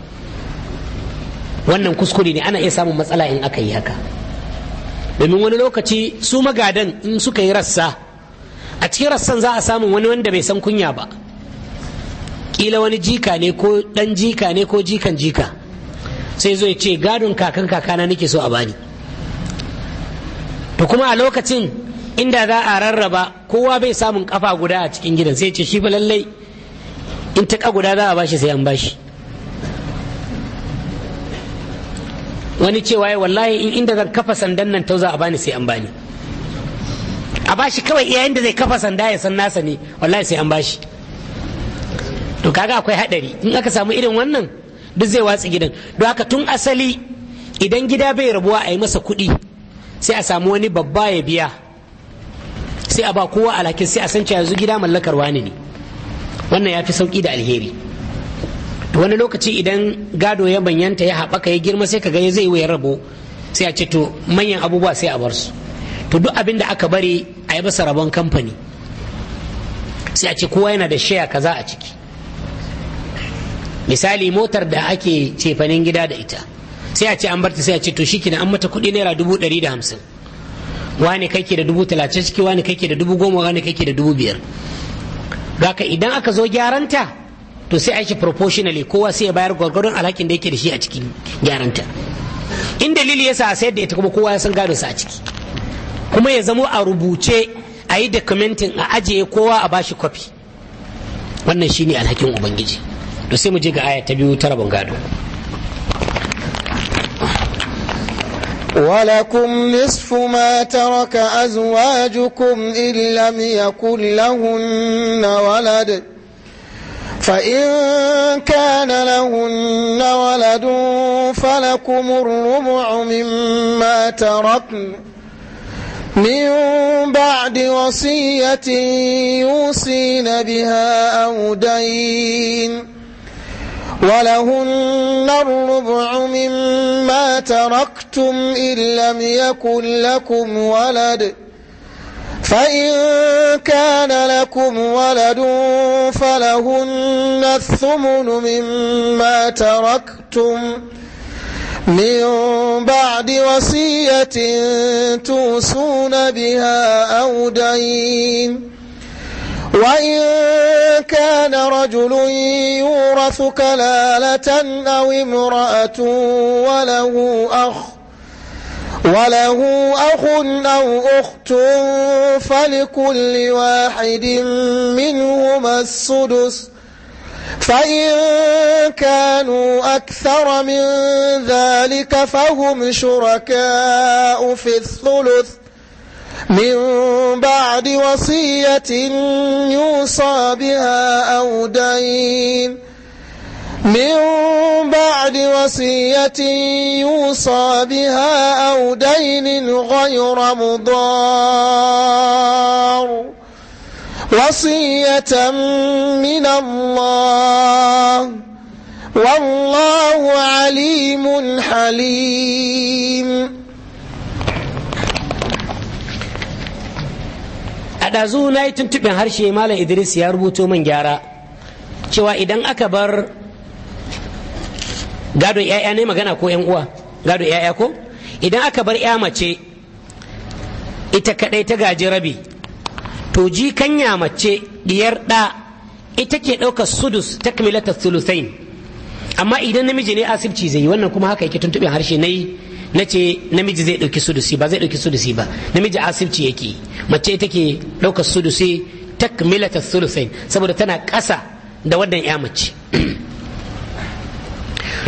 wannan kuskure ne ana iya samun matsala in aka yi haka domin wani lokaci su magadan in suka yi rassa a cikin rassan za a samun wani wanda bai san kunya ba kila wani jika ne ko dan jika ne ko jikan jika sai zo ya ce gadon kakan kakana nake so a bani to kuma a lokacin inda za a rarraba kowa bai samun kafa guda a cikin gidan sai ce shi fa lallai in ta guda za a bashi sai an bashi wani cewa ya wallahi in inda zan kafa sandan nan za a bani sai an bani a bashi kawai iyayen da zai kafa sanda ya san nasa ne wallahi sai an bashi to kaga akwai hadari in aka samu irin wannan duk zai watsi gidan don haka tun asali idan gida bai rabuwa a yi masa kuɗi sai a samu wani babba ya biya sai a ba kowa alhakin sai a san yanzu gida mallakar wani ne wannan ya fi sauki da alheri to wani lokaci idan gado ya banyanta ya haɓaka ya girma sai kaga ya zai ya rabo sai a ce to manyan abubuwa sai a bar su to duk abin da aka bari a yi masa rabon kamfani sai a ce kowa yana da shaya kaza a ciki misali motar da ake cefanen gida da ita sai a ce an barta sai a ce to shi kina an mata kuɗi naira dubu ɗari da hamsin wani kake da dubu talatin ciki wani kake da dubu goma wani kake da dubu biyar haka idan aka zo gyaranta to sai a shi proportionally kowa sai ya bayar gwargwadon alhakin da yake da shi a cikin gyaranta in dalili yasa a sayar da ita kuma kowa ya san gado sa a ciki kuma ya zamo a rubuce a yi documenting a ajiye kowa a bashi kwafi wannan shine alhakin ubangiji to sai mu je ga aya ta biyu ta rabon gado ولكم نصف ما ترك أزواجكم إن لم يكن لهن ولد فإن كان لهن ولد فلكم الربع مما تركن من بعد وصية يوصين بها أو دين ولهن الربع مما تركتم إن لم يكن لكم ولد فإن كان لكم ولد فلهن الثمن مما تركتم من بعد وصية توصون بها أو دين وإن كان رجل يورث كلالة أو امرأة وله أخ وله أخ أو أخت فلكل واحد منهما السدس فإن كانوا أكثر من ذلك فهم شركاء في الثلث من بعد وصية يوصى بها أو دين من بعد وصية يوصى بها أو دين غير مضار وصية من الله والله عليم حليم a ɗazu na yi tuntuɓin harshe malam idris ya rubuto min gyara cewa idan aka bar gado ‘ya'ya ne magana ko ‘yan uwa gado ‘ya'ya ko idan aka bar ‘ya mace ita kaɗai ta gaji rabi to kanya mace ɗiyar ɗa ita ke ɗaukar sudus ta ta sulusain amma idan namiji ne asibci zai yi wannan kuma haka yake tuntuɓin harshe na yi na ce namiji zai ɗauki sudusi ba zai ɗauki sudusi ba namiji asibci yake mace ita ke ɗaukar sudusi takmilata sulusain saboda tana ƙasa da wannan ya mace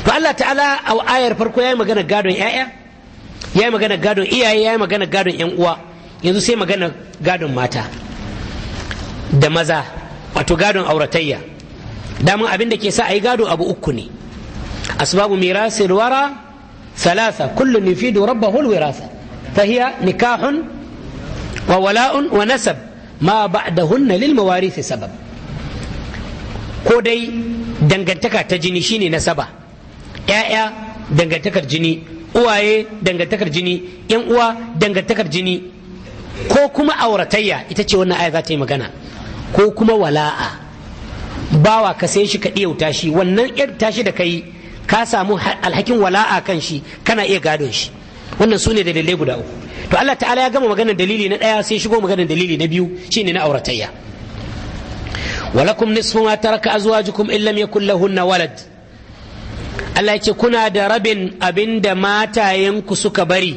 to Allah ta'ala a ayar farko yayi magana gadon yaya yayi magana gadon iyaye yayi magana gadon yan uwa yanzu sai magana gadon mata da maza wato gadon auratayya daman abin da ke sa a yi gado abu uku ne asbabu mirasil wara ثلاثة كل يفيد ربه الوراثة فهي نكاح وولاء ونسب ما بعدهن للمواريث سبب ko dai dangantaka ta jini shine nasaba ‘ya'ya dangantakar jini uwaye dangantakar jini ‘yan uwa dangantakar jini ko kuma auratayya ita ce wannan aya za ta yi magana ko kuma wala'a bawa ka sai shi ka ɗiyauta shi wannan ‘yar tashi da kai ka samu alhakin wala'a kan shi kana iya gadon shi wannan su ne dalilai guda uku to Allah ta'ala ya gama maganar dalili na ɗaya sai shigo maganar dalili na biyu ne na auratayya walakum nisfu ma taraka azwajukum in lam yakul lahunna walad Allah yake kuna da rabin abinda matayenku suka bari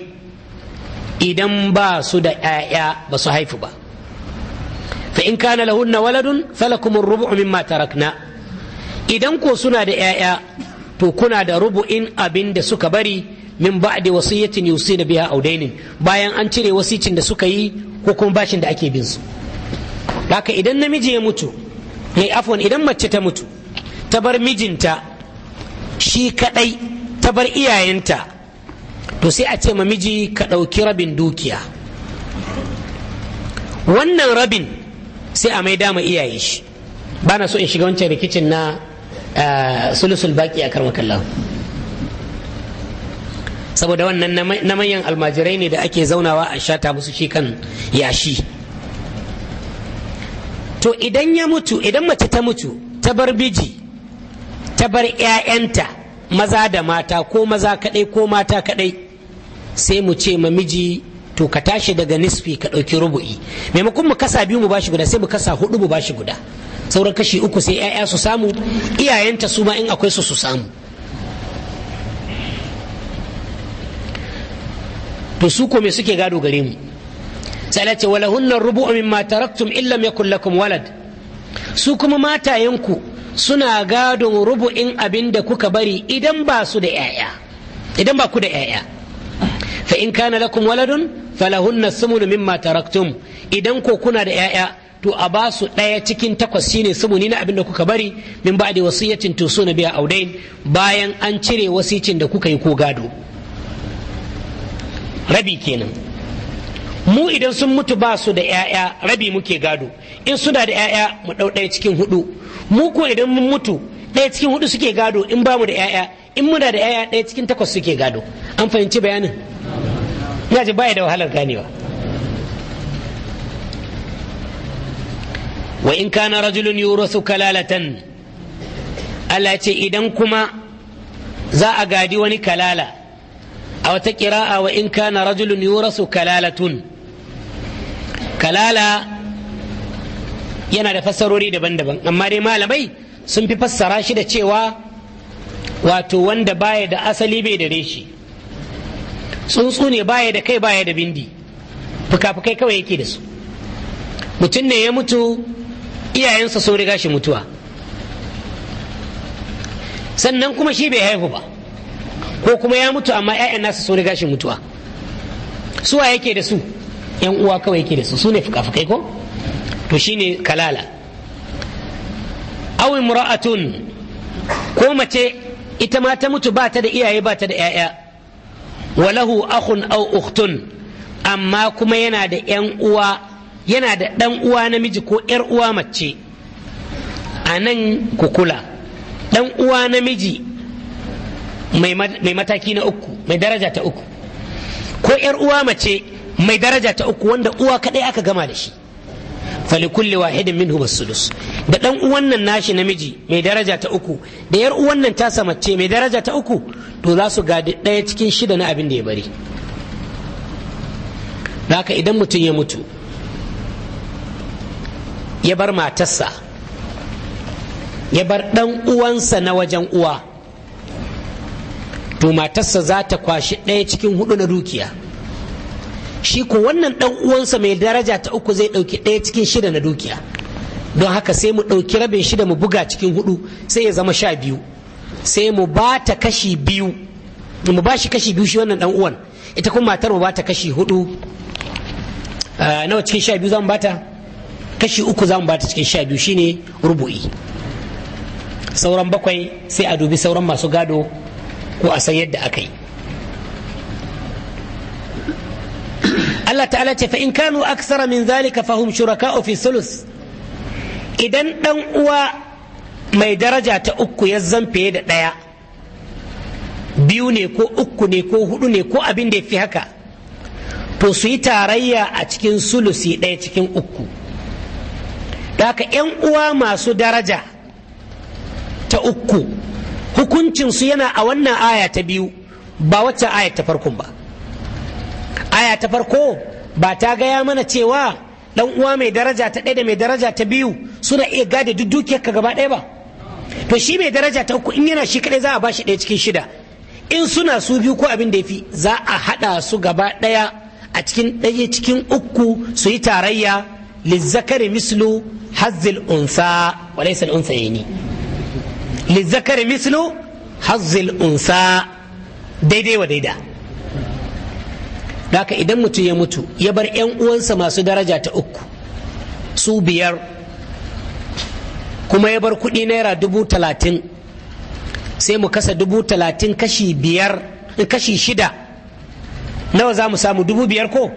idan ba su da ƴaƴa ba su haifu ba fa in kana lahunna waladun falakum ar-rubu' mimma tarakna idan ko suna da ƴaƴa to kuna da rubu'in abin da suka bari min ba'di wasiyatin yusina biha aw bayan an cire wasicin da suka yi ko kuma bashin da ake bin su haka idan namiji ya mutu mai afwan idan mace ta mutu ta bar mijinta shi kadai ta bar iyayenta to sai a ce ma miji ka ɗauki rabin dukiya wannan rabin sai a mai dama iyaye shi bana so in shiga wancan rikicin na sulusul baki a karmakallahu saboda wannan na manyan almajirai ne da ake zaunawa a shata musu shi kan yashi to idan ya mutu idan mace ta mutu ta bar biji ta bar 'ya'yanta maza da mata ko maza kadai ko mata kadai sai mu ce ma miji to ka tashi daga nisfi ka ɗauki rubu'i maimakon mu kasa biyu mu bashi guda sai mu kasa hudu mu bashi guda sauran kashi uku sai 'ya'ya su samu iyayenta su ma in akwai su su samu to su ko me suke gado gare mu sai ce wala hunnan rubu'u mimma taraktum illam yakul lakum walad su kuma matayenku suna gadon rubu'in abin da kuka bari idan ba su da 'ya'ya idan ba ku da 'ya'ya fa in kana lakum waladun falahunna thumnu mimma taraktum idan ko kuna da 'ya'ya to a ba su ɗaya cikin takwas shine ni na abin da kuka bari min ba da wasiyacin to na biya audain bayan an cire wasicin da kuka yi ko gado rabi kenan mu idan sun mutu ba su da 'ya'ya rabi muke gado in suna da 'ya'ya mu ɗau ɗaya cikin hudu mu ko idan mun mutu ɗaya cikin hudu suke gado in ba mu da 'ya'ya in muna da 'ya'ya ɗaya cikin takwas suke gado an fahimci bayanin ina ji baya da wahalar ganewa wa in kana rajulun yurasu kalalatan Allah ce idan kuma za a gadi wani kalala a wata kira'a wa in kana rajulun yurasu kalalatun kalala yana da fassarori daban-daban amma dai malamai sun fi fassara shi da cewa wato wanda baya da asali bai da reshi tsuntsu ne baya da kai baya da bindi fuka-fukai kawai yake da su mutum ne ya mutu iyayensa sun riga shi mutuwa sannan kuma shi bai haihu ba ko kuma ya mutu amma 'ya'yan nasa sun riga shi mutuwa suwa yake da su yan uwa kawai yake da su su ne fuka-fukai ko to shine kalala awi mura'atun ko mace ita ma ta mutu ba ta da iyaye ba ta da 'ya'ya walahu akhun au uktun amma kuma yana da 'yan uwa yana da ɗan uwa namiji ko ‘yar uwa mace a nan kukula ɗan uwa namiji mai mataki na uku mai daraja ta uku ko ‘yar uwa mace mai daraja ta uku wanda uwa kaɗai aka gama da shi falikulli wahidin su dus da ɗan uwan nan nashi namiji mai daraja ta uku da ‘yar uwan nan tasa mace mai daraja ta uku to za su gadi ɗaya cikin shida na abin da ya bari haka idan mutum ya mutu ya bar matarsa ya bar ɗan uwansa na wajen uwa to matarsa za ta kwashi ɗaya cikin hudu na dukiya shi ko wannan ɗan uwansa mai daraja ta uku zai ɗauki ɗaya cikin shida na dukiya don haka sai mu ɗauki rabin shida mu buga cikin hudu sai ya zama sha biyu sai mu ba ta kashi biyu mu ba shi kashi biyu shi wannan ɗan uwan ita kuma matar mu ba ta kashi hudu ah, nawa cikin sha biyu za ba bata kashi uku za mu bata cikin sha biyu shine rubu'i sauran bakwai sai a dubi sauran masu gado ko a san yadda aka yi Allah ta'ala ce fa in kanu aksara min zalika fahum shuraka fi sulus idan dan uwa mai daraja ta uku ya zanfe da ɗaya biyu ne ko uku ne ko hudu ne ko abin da ya fi haka to su yi tarayya a cikin sulusi ɗaya cikin uku da 'yan uwa masu daraja ta uku hukuncinsu yana a wannan aya ta biyu ba wacce aya ta farkon ba aya ta farko ba ta gaya mana cewa dan uwa mai daraja ta ɗaya da mai daraja ta biyu suna iya gada duk dukiyarka gaba ɗaya ba to shi mai daraja ta uku in yana shi kadai za a shi ɗaya cikin shida in suna su biyu ko abin da ya fi za a haɗa su gaba ɗaya a cikin ɗaya cikin uku su yi tarayya للذكر mislu حظ unsa وليس al للذكر مثل حظ mislu hazzil unsa daidai wa متو haka idan mutum ya mutu ya bar 'yan uwansa masu daraja ta uku su biyar kuma ya bar kuɗi naira dubu talatin sai mu kasa dubu talatin kashi biyar kashi shida nawa za mu samu dubu biyar ko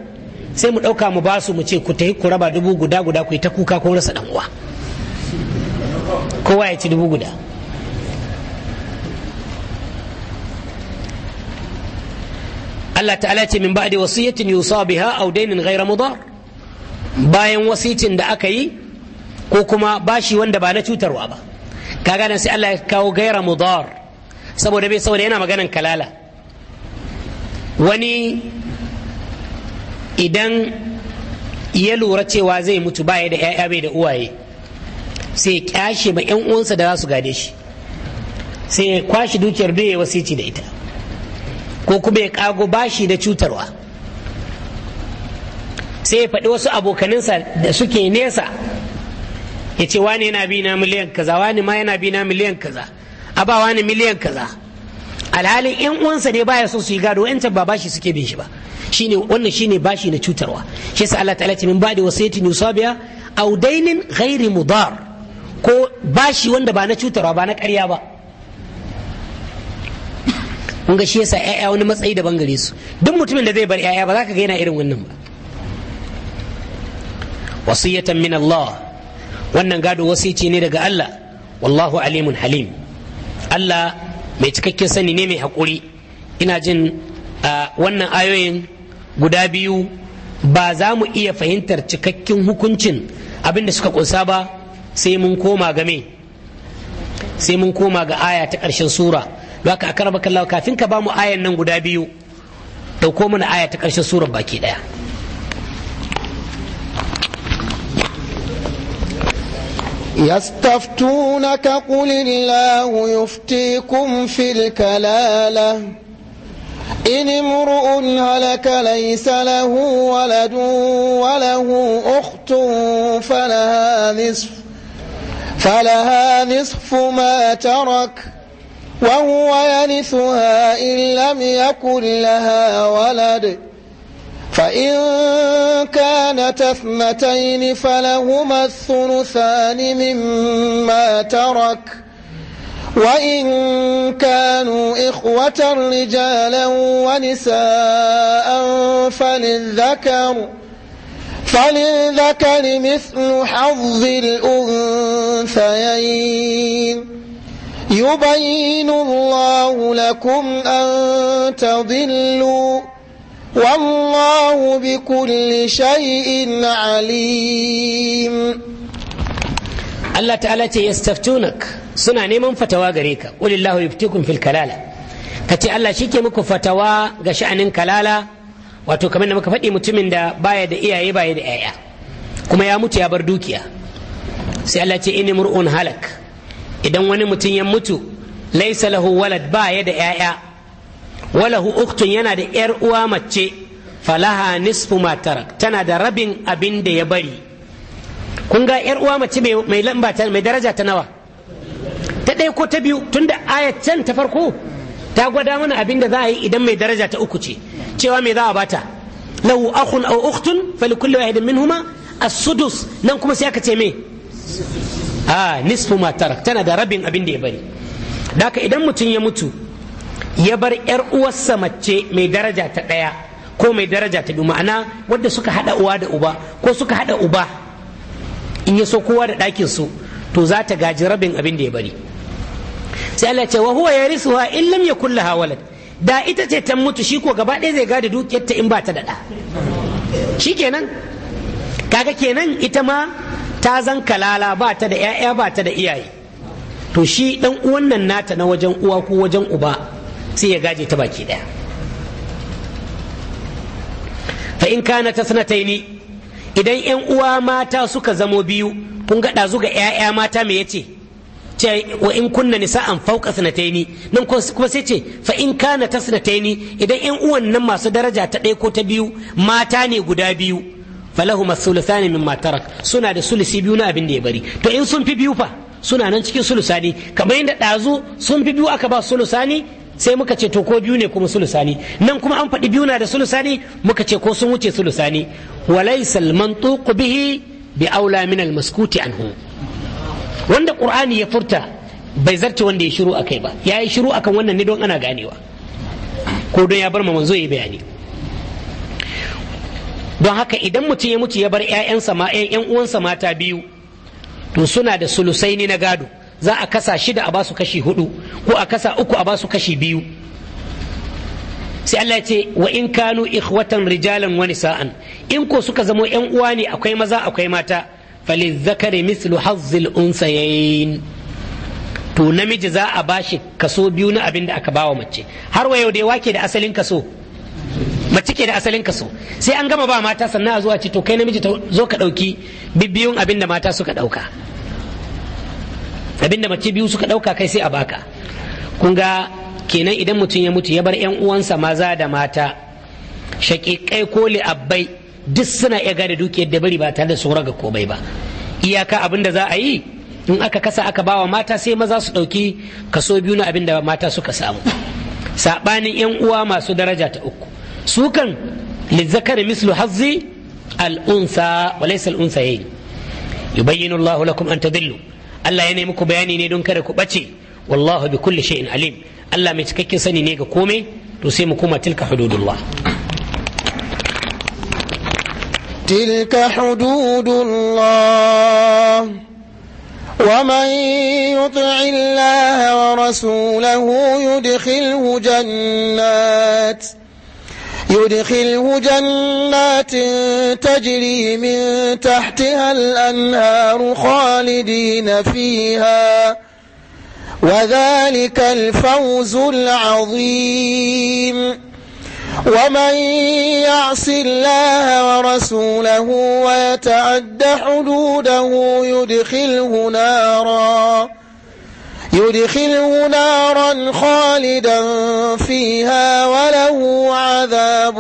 sai mu ɗauka mu basu mu ce ku tafi ku raba dubu guda guda ku yi ta kuka ko rasa ɗan uwa kowa ya ci dubu guda Allah ta'ala ce min ba'di wasiyatin yusa biha aw daynin ghayra mudar bayan wasiyatin da aka yi ko kuma bashi wanda ba na cutarwa ba kaga nan sai Allah ya kawo ghayra mudar saboda bai saboda yana maganan kalala wani idan ya lura cewa zai mutu baya da 'ya'ya bai da uwaye sai ya kyashe ma 'yan uwansa da za su gade shi sai ya kwashi dukiyar duk ya wasici da ita ko kuma ya kago bashi da cutarwa sai ya faɗi wasu abokaninsa da suke nesa ya ce wani yana bi na miliyan kaza wani ma yana bi na miliyan kaza a ba wani miliyan kaza alhalin yan uwansa ne baya so su yi gado yancan ba bashi suke bin shi ba shine wannan shine bashi na cutarwa shi yasa Allah ta'ala ce min ba'di wasiyati yusabiya aw dainin ghairi mudar ko bashi wanda ba na cutarwa ba na ƙarya ba kun ga shi yasa ƴaƴa wani matsayi daban gare su duk mutumin da zai bar ƴaƴa ba za ka ga yana irin wannan ba wasiyatan min Allah wannan gado wasici ne daga Allah wallahu alimun halim Allah mai cikakken sani ne mai haƙuri ina jin wannan ayoyin guda biyu ba za mu iya fahimtar cikakken hukuncin abin da suka ƙunsa ba sai mun koma game sai mun koma ga aya ta ƙarshen sura ba ka kafin ka ba mu ayan nan guda biyu ɗauko mana aya ta ƙarshen sura baki ɗaya يستفتونك قل الله يفتيكم في الكلالة إن امرؤ هلك ليس له ولد وله أخت فلها نصف فلها نصف ما ترك وهو يرثها إن لم يكن لها ولد فإن كانت اثنتين فلهما الثلثان مما ترك وإن كانوا إخوة رجالا ونساء فللذكر فللذكر مثل حظ الأنثيين يبين الله لكم أن تضلوا والله بكل Allah Ta'ala الله تعالى يستفتونك suna neman fatawa gare ka walillahu yuftikum fil kalala kace Allah ke muku fatawa ga sha'anin kalala wato kamar da muka faɗi mutumin da baya da iyaye baya da yaya kuma ya mutu ya bar dukiya sai Allah ce inni mur'un halak idan wani mutum ya mutu laisa lahu walad baya da yaya walahu uktun yana da yar uwa mace falaha nisfu matar tana da rabin abin da ya bari kun ga yar uwa mace mai lamba ta mai daraja ta nawa ta ɗaya ko ta biyu tunda ayat can ta farko ta gwada mana abin da za a yi idan mai daraja ta uku ce cewa mai za a bata lahu akhun aw ukhtun falikulli wahidin minhuma as-sudus nan kuma sai aka ce me a ah, nisfu matar tana da rabin abin da ya bari daka idan mutum ya mutu ya bar yar uwarsa mace mai daraja ta ɗaya ko mai daraja ta biyu ma'ana wadda suka haɗa uwa da uba ko suka haɗa uba in ya so kowa da ɗakin su to za ta gaji rabin abin da ya bari sai Allah ce wa huwa yarisuha in lam yakul laha walad da ita ce ta mutu shi ko gaba ɗaya zai gada ta in ba ta daɗa. shi kenan kaga kenan ita ma ta zan kalala ba ta da 'ya'ya ba ta da iyaye to shi dan uwan nan nata na wajen uwa ko wajen uba sai ya gaje ta baki daya fa in kana ta idan yan uwa mata suka zamo biyu kun ga ɗazu ga 'ya'ya mata me yace ce wa in kunna an fauka sanataini nan kuma sai ce fa in kana tasnataini idan yan uwan nan masu daraja ta ɗaya ko ta biyu mata ne guda biyu falahu masulusani mimma tarak suna da sulusi biyu na abin da ya bari to in sun fi biyu fa suna nan cikin sulusani kamar yadda ɗazu sun fi biyu aka ba sulusani sai muka ce to ko biyu ne kuma sulusani nan kuma an faɗi biyu na da sulusani muka ce ko sun wuce sulusani walaysa al-mantuq bihi bi aula min al-maskuti anhu wanda qur'ani ya furta bai zarce wanda ya shiru akai ba ya yi shiru akan wannan ne don ana ganewa ko don ya bar ma manzo ya bayani don haka idan mutum ya mutu ya bar 'ya'yansa ma 'yan uwansa mata biyu to suna da sulusai ne na gado za a kasa shida a basu kashi hudu ko a kasa uku a basu kashi biyu sai Allah ya ce wa in kanu ikhwatan rijalan wa nisa'an in ko suka zamo yan uwa ne akwai maza akwai mata Fali zakari mislu hazzil unsayayin to namiji za a bashi kaso biyu na abin aka bawa mace har wa yau wake da asalin kaso mace ke da asalin kaso sai an gama ba mata sannan a zuwa ce to kai namiji zo ka ɗauki bibbiyun abin da mata suka ɗauka abinda mace biyu suka ɗauka kai sai a baka kun ga kenan idan mutum ya mutu ya bar yan uwansa maza da mata shaƙiƙai ko abbai duk suna iya gane dukiyar da bari ba tare da sun raga komai ba iyaka abin da za a yi in aka kasa aka bawa mata sai maza su ɗauki kaso biyu na abin da mata suka samu saɓanin yan uwa masu daraja ta uku su kan lizzakar mislu hazzi al'unsa walaisa al'unsa yayi yubayyinu Allahu lakum an tadillu Allah ya nemi ku bayani ne don kada ku ɓace wallahu bi kulli shay'in alim Allah mai cikakken sani ne ga komai to sai mu koma tilka hududullah tilka hududullah ومن يطع الله ورسوله يدخله جنات يدخله جنات تجري من تحتها الأنهار خالدين فيها وذلك الفوز العظيم ومن يعص الله ورسوله ويتعد حدوده يدخله ناراً يدخله نارا خالدا فيها وله عذاب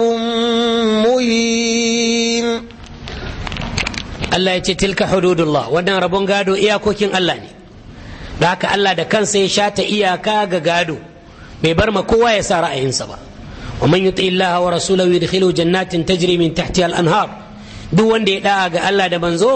مهين الله يتي تلك حدود الله وانا ربون قادو إياكوكين الله ني ذاك الله دا كان سيشات إياكا قادو بيبرما كوا يسار أين سبا ومن يطع الله ورسوله يدخله جنات تجري من تحتها الأنهار دو وندي دا الله دا منزو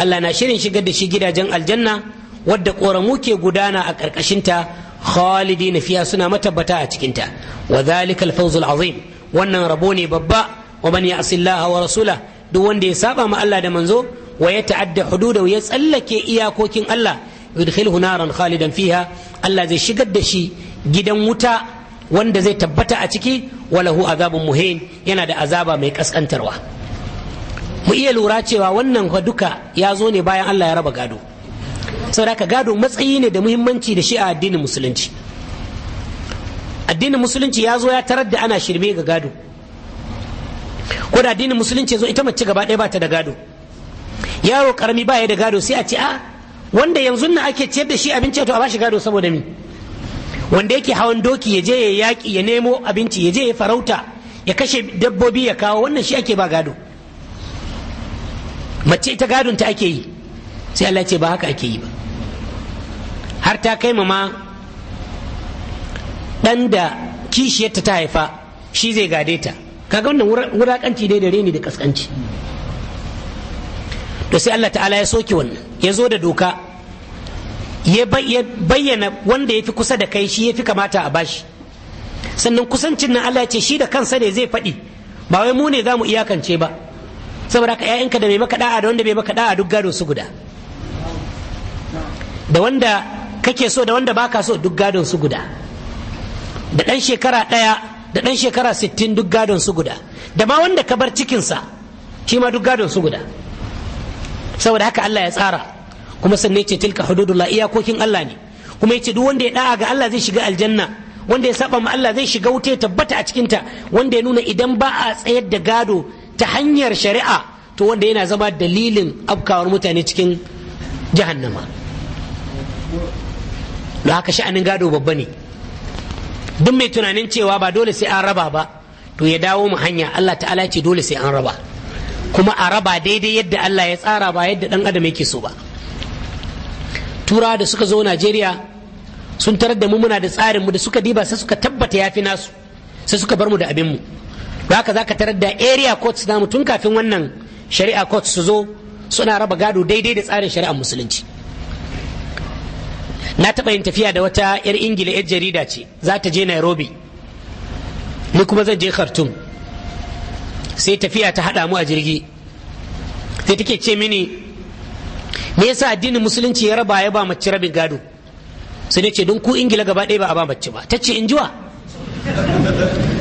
الله ناشرين شقد شي جدا جن الجنة wadda ƙoramu ke gudana a ƙarƙashinta khalidi na fiya suna matabbata a cikinta wa zalikal fawzul azim wannan rabo ne babba wa man ya'si wa rasula duk wanda ya saba ma Allah da manzo wa ya ta'adda hududa ya tsallake iyakokin Allah yudkhilhu naran khalidan fiha Allah zai shigar da shi gidan wuta wanda zai tabbata a ciki walahu azabun muhin yana da azaba mai kaskantarwa mu iya lura cewa wannan duka ya zo ne bayan Allah ya raba gado saboda ka gado matsayi ne da muhimmanci da shi a addinin musulunci addinin musulunci ya zo ya tarar da ana shirme ga gado ko da addinin musulunci zo ita mace gaba ɗaya ba ta da gado yaro karami ba ya da gado sai a ce a wanda yanzu na ake ciyar da shi abinci to a bashi gado saboda mi wanda yake hawan doki ya je ya yaƙi ya nemo abinci ya je ya farauta ya kashe dabbobi ya kawo wannan shi ake ba gado mace ita gadon ta ake yi sai Allah ce ba haka ake yi ba har ta kai ma ɗan da kishiyarta ta haifa shi zai gade ta kaga wannan wurakanci dai da reni da kaskanci to sai Allah ta'ala ya soke wannan ya zo da doka ya bayyana wanda ya fi kusa da kai shi ya fi kamata a bashi sannan kusancin nan Allah ya ce shi da kansa ne zai faɗi ba wai mu ne za mu iyakance ba saboda ka 'ya'yanka da mai maka da'a da wanda bai maka da'a duk gado su guda da wanda kake so da wanda baka so duk gadon su guda da ɗan shekara ɗaya da ɗan shekara sittin duk gadon su guda da ma wanda ka bar cikinsa shi ma duk gadon su guda saboda haka Allah ya tsara kuma sannan ce tilka hududullah iyakokin Allah ne kuma yace duk wanda ya da'a ga Allah zai shiga aljanna wanda ya saba ma Allah zai shiga wuta tabbata a cikinta wanda ya nuna idan ba a tsayar da gado ta hanyar shari'a to wanda yana zama dalilin afkawar mutane cikin jahannama don haka sha'anin gado babba ne duk mai tunanin cewa ba dole sai an raba ba to ya dawo mu hanya Allah ta'ala ce dole sai an raba kuma a raba daidai yadda Allah ya tsara ba yadda dan adam yake so ba turawa da suka zo Najeriya sun tarar da mu muna da tsarin mu da suka diba sai suka tabbata yafi nasu sai suka bar mu da abin mu don haka zaka tarar da area courts namu tun kafin wannan shari'a courts su zo suna raba gado daidai da tsarin shari'ar musulunci na taɓa yin tafiya da wata 'yar ingila 'yar jarida ce za ta je nairobi ni kuma zan je khartoum sai tafiya ta haɗa mu a jirgi sai take ce mini me yasa addinin musulunci ya raba ya ba mace rabin gado sai ce don ku ingila gaba ɗaya ba a ba mace ba ta ce in jiwa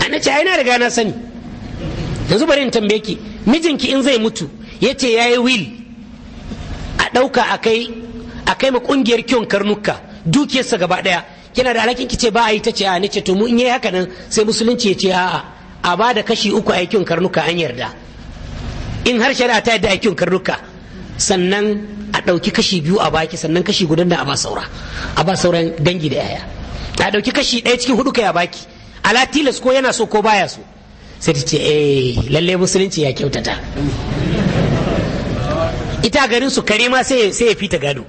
ana ce ai na riga na sani yanzu bari in tambaye ki mijinki in zai mutu ya ce ya yi will a ɗauka a kai a kai ma kungiyar kiwon karnuka dukiyarsa gaba daya kina da alakin ki ce ba a yi ta ce a ni ce to mu in yi haka nan sai musulunci ya ce a'a a ba da kashi uku a yi kiwon karnuka an yarda in har shari'a ta yarda a kiwon karnuka sannan a ɗauki kashi biyu a baki sannan kashi gudan da a ba saura a ba sauran dangi da yaya a ɗauki kashi ɗaya cikin hudu kai a baki ala tilas ko yana so ko baya so sai ta ce eh lalle musulunci ya kyautata ita garin su kare ma sai ya fita gado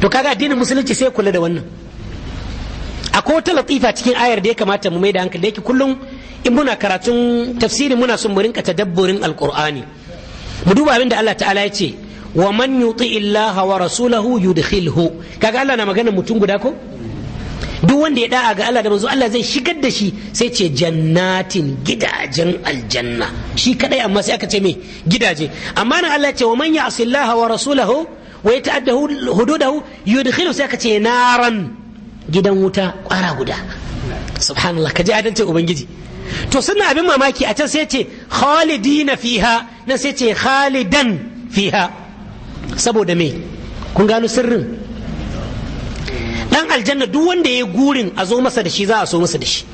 to kaga addinin musulunci sai kula da wannan akwai wata latifa cikin ayar da ya kamata mu mai da hankali da yake kullum in muna karatun tafsirin muna son mu rinka tadabburin alqur'ani mu duba abin da Allah ta'ala ya ce wa man yuti illaha wa rasulahu yudkhilhu kaga Allah na magana mutum guda ko duk wanda ya da'a ga Allah da manzo Allah zai shigar da shi sai ce jannatin gidajen aljanna shi kadai amma sai aka ce me gidaje amma nan Allah ya ce wa man ya'si illaha wa rasulahu wa ya ta'adda hududahu yudkhilu sai ka ce naran gidan wuta kwara guda subhanallah kaji adalcin ubangiji to suna abin mamaki a can sai ce khalidina fiha na sai ce khalidan fiha saboda me kun gano sirrin dan aljanna duk wanda ya yi gurin a zo masa da shi za a so masa da shi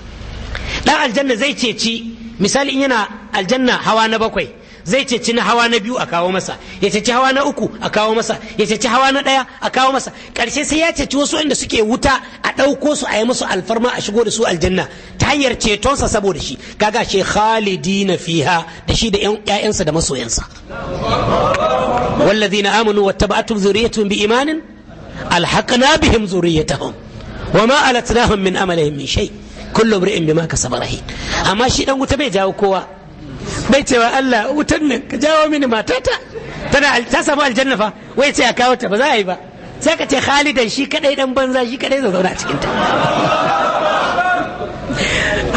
dan aljanna zai ceci misali in yana aljanna hawa na bakwai zai ceci na hawa na biyu a kawo masa ya ceci hawa na uku a kawo masa ya ceci hawa na ɗaya a kawo masa ƙarshe sai ya ceci wasu inda suke wuta a ɗauko su a yi musu alfarma a shigo da su aljanna ta hanyar cetonsa saboda shi kaga shi khalidina fiha da shi da ƴaƴansa da masoyansa wallazina amanu wattaba'atum zurriyyatuhum biimanin alhaqna bihim zurriyyatahum wama alatnahum min amalihim min shay kullu imrin bima kasaba rahin amma shi dan wuta bai jawo kowa bai cewa Allah wutar nan ka jawo mini matata tana ta samu aljanna fa wai ce ya kawo ta ba za a yi ba sai ka ce khalidan shi kadai dan banza shi kadai zai zauna a cikin ta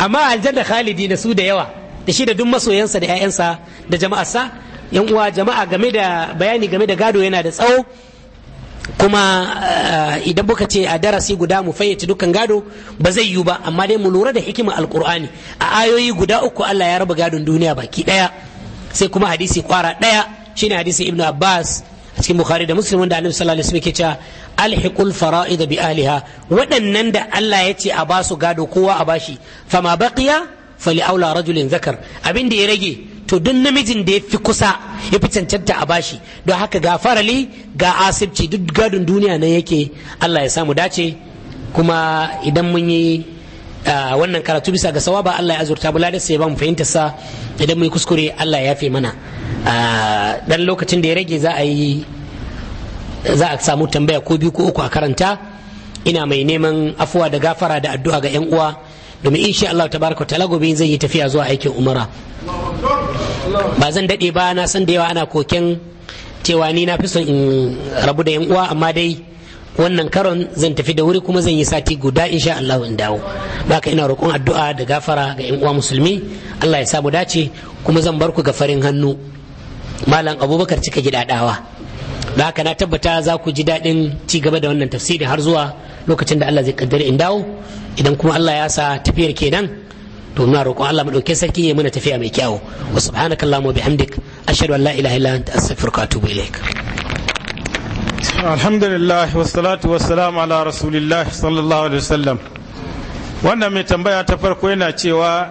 amma aljanna khalidi na su da yawa da shi da duk masoyansa da 'ya'yansa da jama'arsa yan uwa jama'a game da bayani game da gado yana da tsawo kuma eh, idan muka ce a darasi guda mu fayyace dukkan gado ba zai yiwu ba amma dai mu lura da hikima alkur'ani a ayoyi guda uku Allah ya raba gadon duniya baki daya sai kuma hadisi kwara daya shine hadisi ibnu abbas a cikin bukhari da muslim wanda annabi sallallahu alaihi wasallam ke cewa alhiqul fara'id bi aliha waɗannan da Allah ya ce a basu gado kowa a bashi fama baqiya fali aula rajulin zakar abin da ya rage to duk namijin da ya fi kusa ya fi cancanta a bashi don haka ga farali ga asibci duk gadon duniya nan yake allah ya samu dace kuma idan mun yi wannan karatu bisa ga sawaba allah ya azurta bula da ya ba mu fahimta sa idan mun yi kuskure allah ya fi mana dan lokacin da ya rage za a yi za a samu tambaya ko biyu ko uku a karanta ina mai neman afuwa da gafara da addu'a ga 'yan uwa domin insha Allah tabaraka ta'ala gobe zai yi tafiya zuwa aikin umara ba zan daɗe ba na san da yawa ana koken cewa ni na fi son in rabu da yan uwa amma dai wannan karon zan tafi da wuri kuma zan yi sati guda insha Allah in dawo baka ina roƙon addu'a da gafara ga yan uwa musulmi Allah ya sa mu dace kuma zan bar ku ga farin hannu malam abubakar cika gida da haka na tabbata za ku ji daɗin ci gaba da wannan tafsiri har zuwa lokacin da Allah zai kaddare in dawo idan kuma Allah ya sa tafiyar kenan to muna roƙon Allah mu dauke sarki ya muna tafiya mai kyau wa subhanaka allahumma bihamdik ashhadu an la ilaha illa anta astaghfiruka wa atubu ilaik alhamdulillah wassalatu wassalamu ala rasulillah sallallahu alaihi wasallam wannan mai tambaya ta farko yana cewa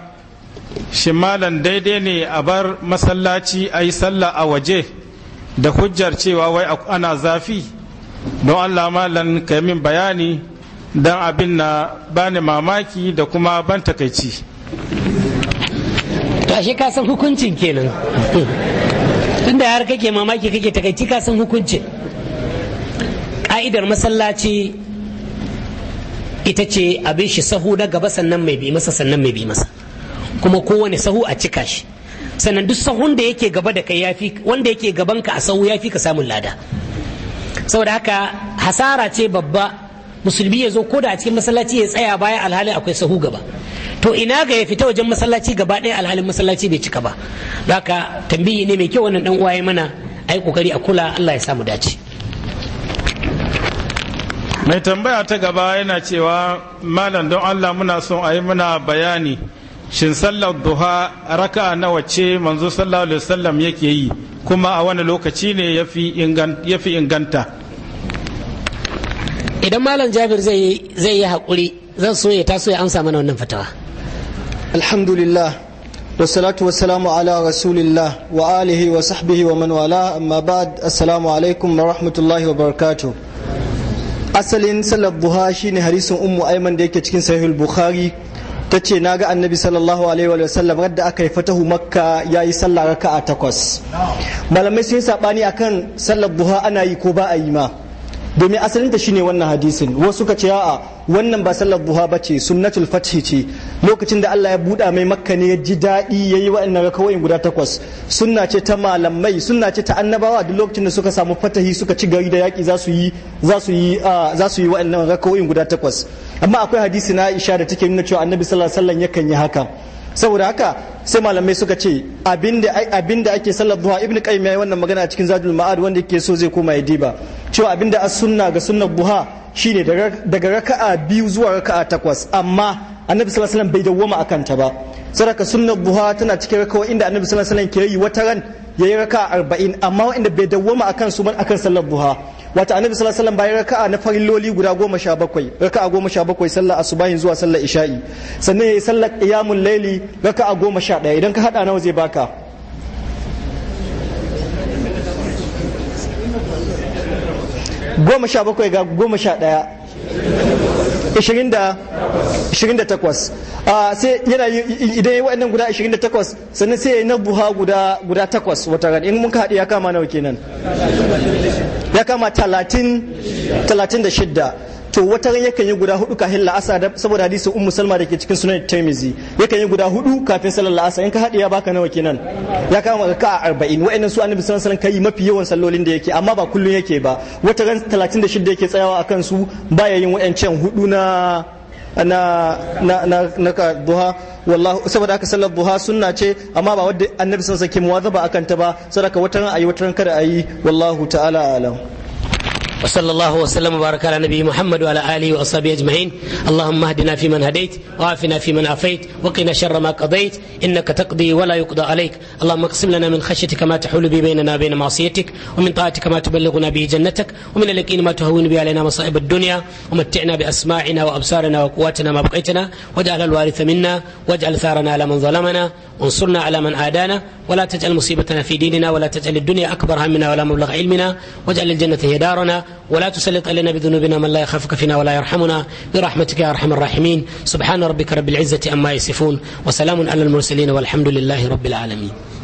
shi malam daidai ne a bar masallaci a yi sallah a waje da hujjar cewa wai ana zafi don allah malam ka min bayani dan abin na bani mamaki da kuma ban takaici to ashe ka san hukuncin kenan tunda har kake mamaki kake takaici ka san hukuncin ka'idar masallaci ita ce abin shi sahu na gaba sannan mai bi masa sannan mai bi masa kuma kowane sahu a cika shi sannan duk sahun da yake gaba da kai yafi wanda yake gabanka a sahu yafi ka samun lada saboda haka hasara ce babba musulmi ya zo ko da a cikin masallaci ya tsaya baya alhalin akwai sahu gaba to ina ga ya fita wajen masallaci gaba ɗaya alhalin masallaci bai cika ba haka tambayi ne mai kyau wannan dan uwaye mana a kokari a kula Allah ya samu dace mai tambaya ta gaba yana cewa malam don Allah muna son ayi muna bayani shin sallar duha raka nawa ce manzo sallallahu alaihi wasallam yake yi kuma a wani lokaci ne yafi inganta idan malam jabir zai yi haƙuri zan so ya taso ya amsa mana wannan fatawa alhamdulillah wasalatu wasalamu ala rasulillah wa alihi wa sahbihi wa man wala amma ba'd assalamu alaikum wa rahmatullahi wa barakatuh asalin sallar buha shine harisun ummu aiman da yake cikin sahihul bukhari ta ce na ga annabi sallallahu alaihi wa sallam radda aka yi fatahu makka ya yi sallah raka'a takwas malamai sun yi saɓani akan sallar buha ana yi ko ba a yi ma domin asalinta shine wannan hadisin wasu suka ce a'a wannan ba sallar duha ba ce sunnatul fathi ce lokacin da Allah ya buɗa mai makka ne ya ji daɗi ya yi waɗannan rakawoyin guda takwas sunna ce ta malamai sunna ce ta annabawa duk lokacin da suka samu fatahi suka ci gari da yaki za su yi za su yi za su yi guda takwas amma akwai hadisi na Aisha da take nuna cewa Annabi sallallahu alaihi wasallam yakan yi haka saboda haka sai malamai suka ce abin da ake sallar duha ibnu qayyim yayi wannan magana cikin zadul ma'ad wanda ke so zai koma ya diba cewa abinda as sunna ga sunnar duha shine daga raka'a biyu zuwa raka'a takwas amma annabi sallallahu alaihi wasallam bai dawwama akan ta ba saraka sunnah duha tana cikin rakawa inda annabi sallallahu alaihi wasallam ke yi wata ran yayi raka 40 amma inda bai dawwama akan su ban akan sallar duha wata annabi sallallahu alaihi wasallam bai raka'a na farin loli guda goma sha bakwai raka'a goma sha bakwai sallar asubahin zuwa sallar isha'i sannan yayi sallar qiyamul laili raka'a goma sha ɗaya idan ka hada nawa zai baka goma sha bakwai ga goma sha ɗaya 28 ah, sai yana idan yi waɗannan guda 28 sannan sai ya yi na buha guda guda 8 wata ran in mun haɗu ya kama nawa kenan ya kama 36 to wata ran yakan yi guda hudu kafin la'asa saboda hadisin ummu salma da ke cikin sunan tirmizi yakan yi guda hudu kafin sallar la'asa in ka haɗe ya baka nawa kenan ya kama raka a arba'in wa'annan su annabi sallallahu alaihi wasallam kai mafi yawan sallolin da yake amma ba kullun yake ba wata ran talatin da shida yake tsayawa a kansu baya yin wa'ancan hudu na na na na na ka duha wallahu saboda aka sallar duha sunna ce amma ba wadda annabi sallallahu alaihi wasallam ke muwazaba akan ta ba saboda wata ran ayi wata ran kada ayi wallahu ta'ala alam وصلى الله وسلم وبارك على نبي محمد وعلى آله وأصحابه أجمعين اللهم اهدنا فيمن هديت وعافنا فيمن عافيت وقنا شر ما قضيت إنك تقضي ولا يقضى عليك اللهم اقسم لنا من خشيتك ما تحول به بيننا وبين معصيتك ومن طاعتك ما تبلغنا به جنتك ومن اليقين ما تهون به علينا مصائب الدنيا ومتعنا بأسماعنا وأبصارنا وقواتنا ما بقيتنا واجعل الوارث منا واجعل ثارنا على من ظلمنا وانصرنا على من عادانا ولا تجعل مصيبتنا في ديننا ولا تجعل الدنيا أكبر همنا ولا مبلغ علمنا واجعل الجنة هي دارنا ولا تسلط علينا بذنوبنا من لا يخافك فينا ولا يرحمنا برحمتك يا أرحم الراحمين سبحان ربك رب العزة أما يصفون وسلام على المرسلين والحمد لله رب العالمين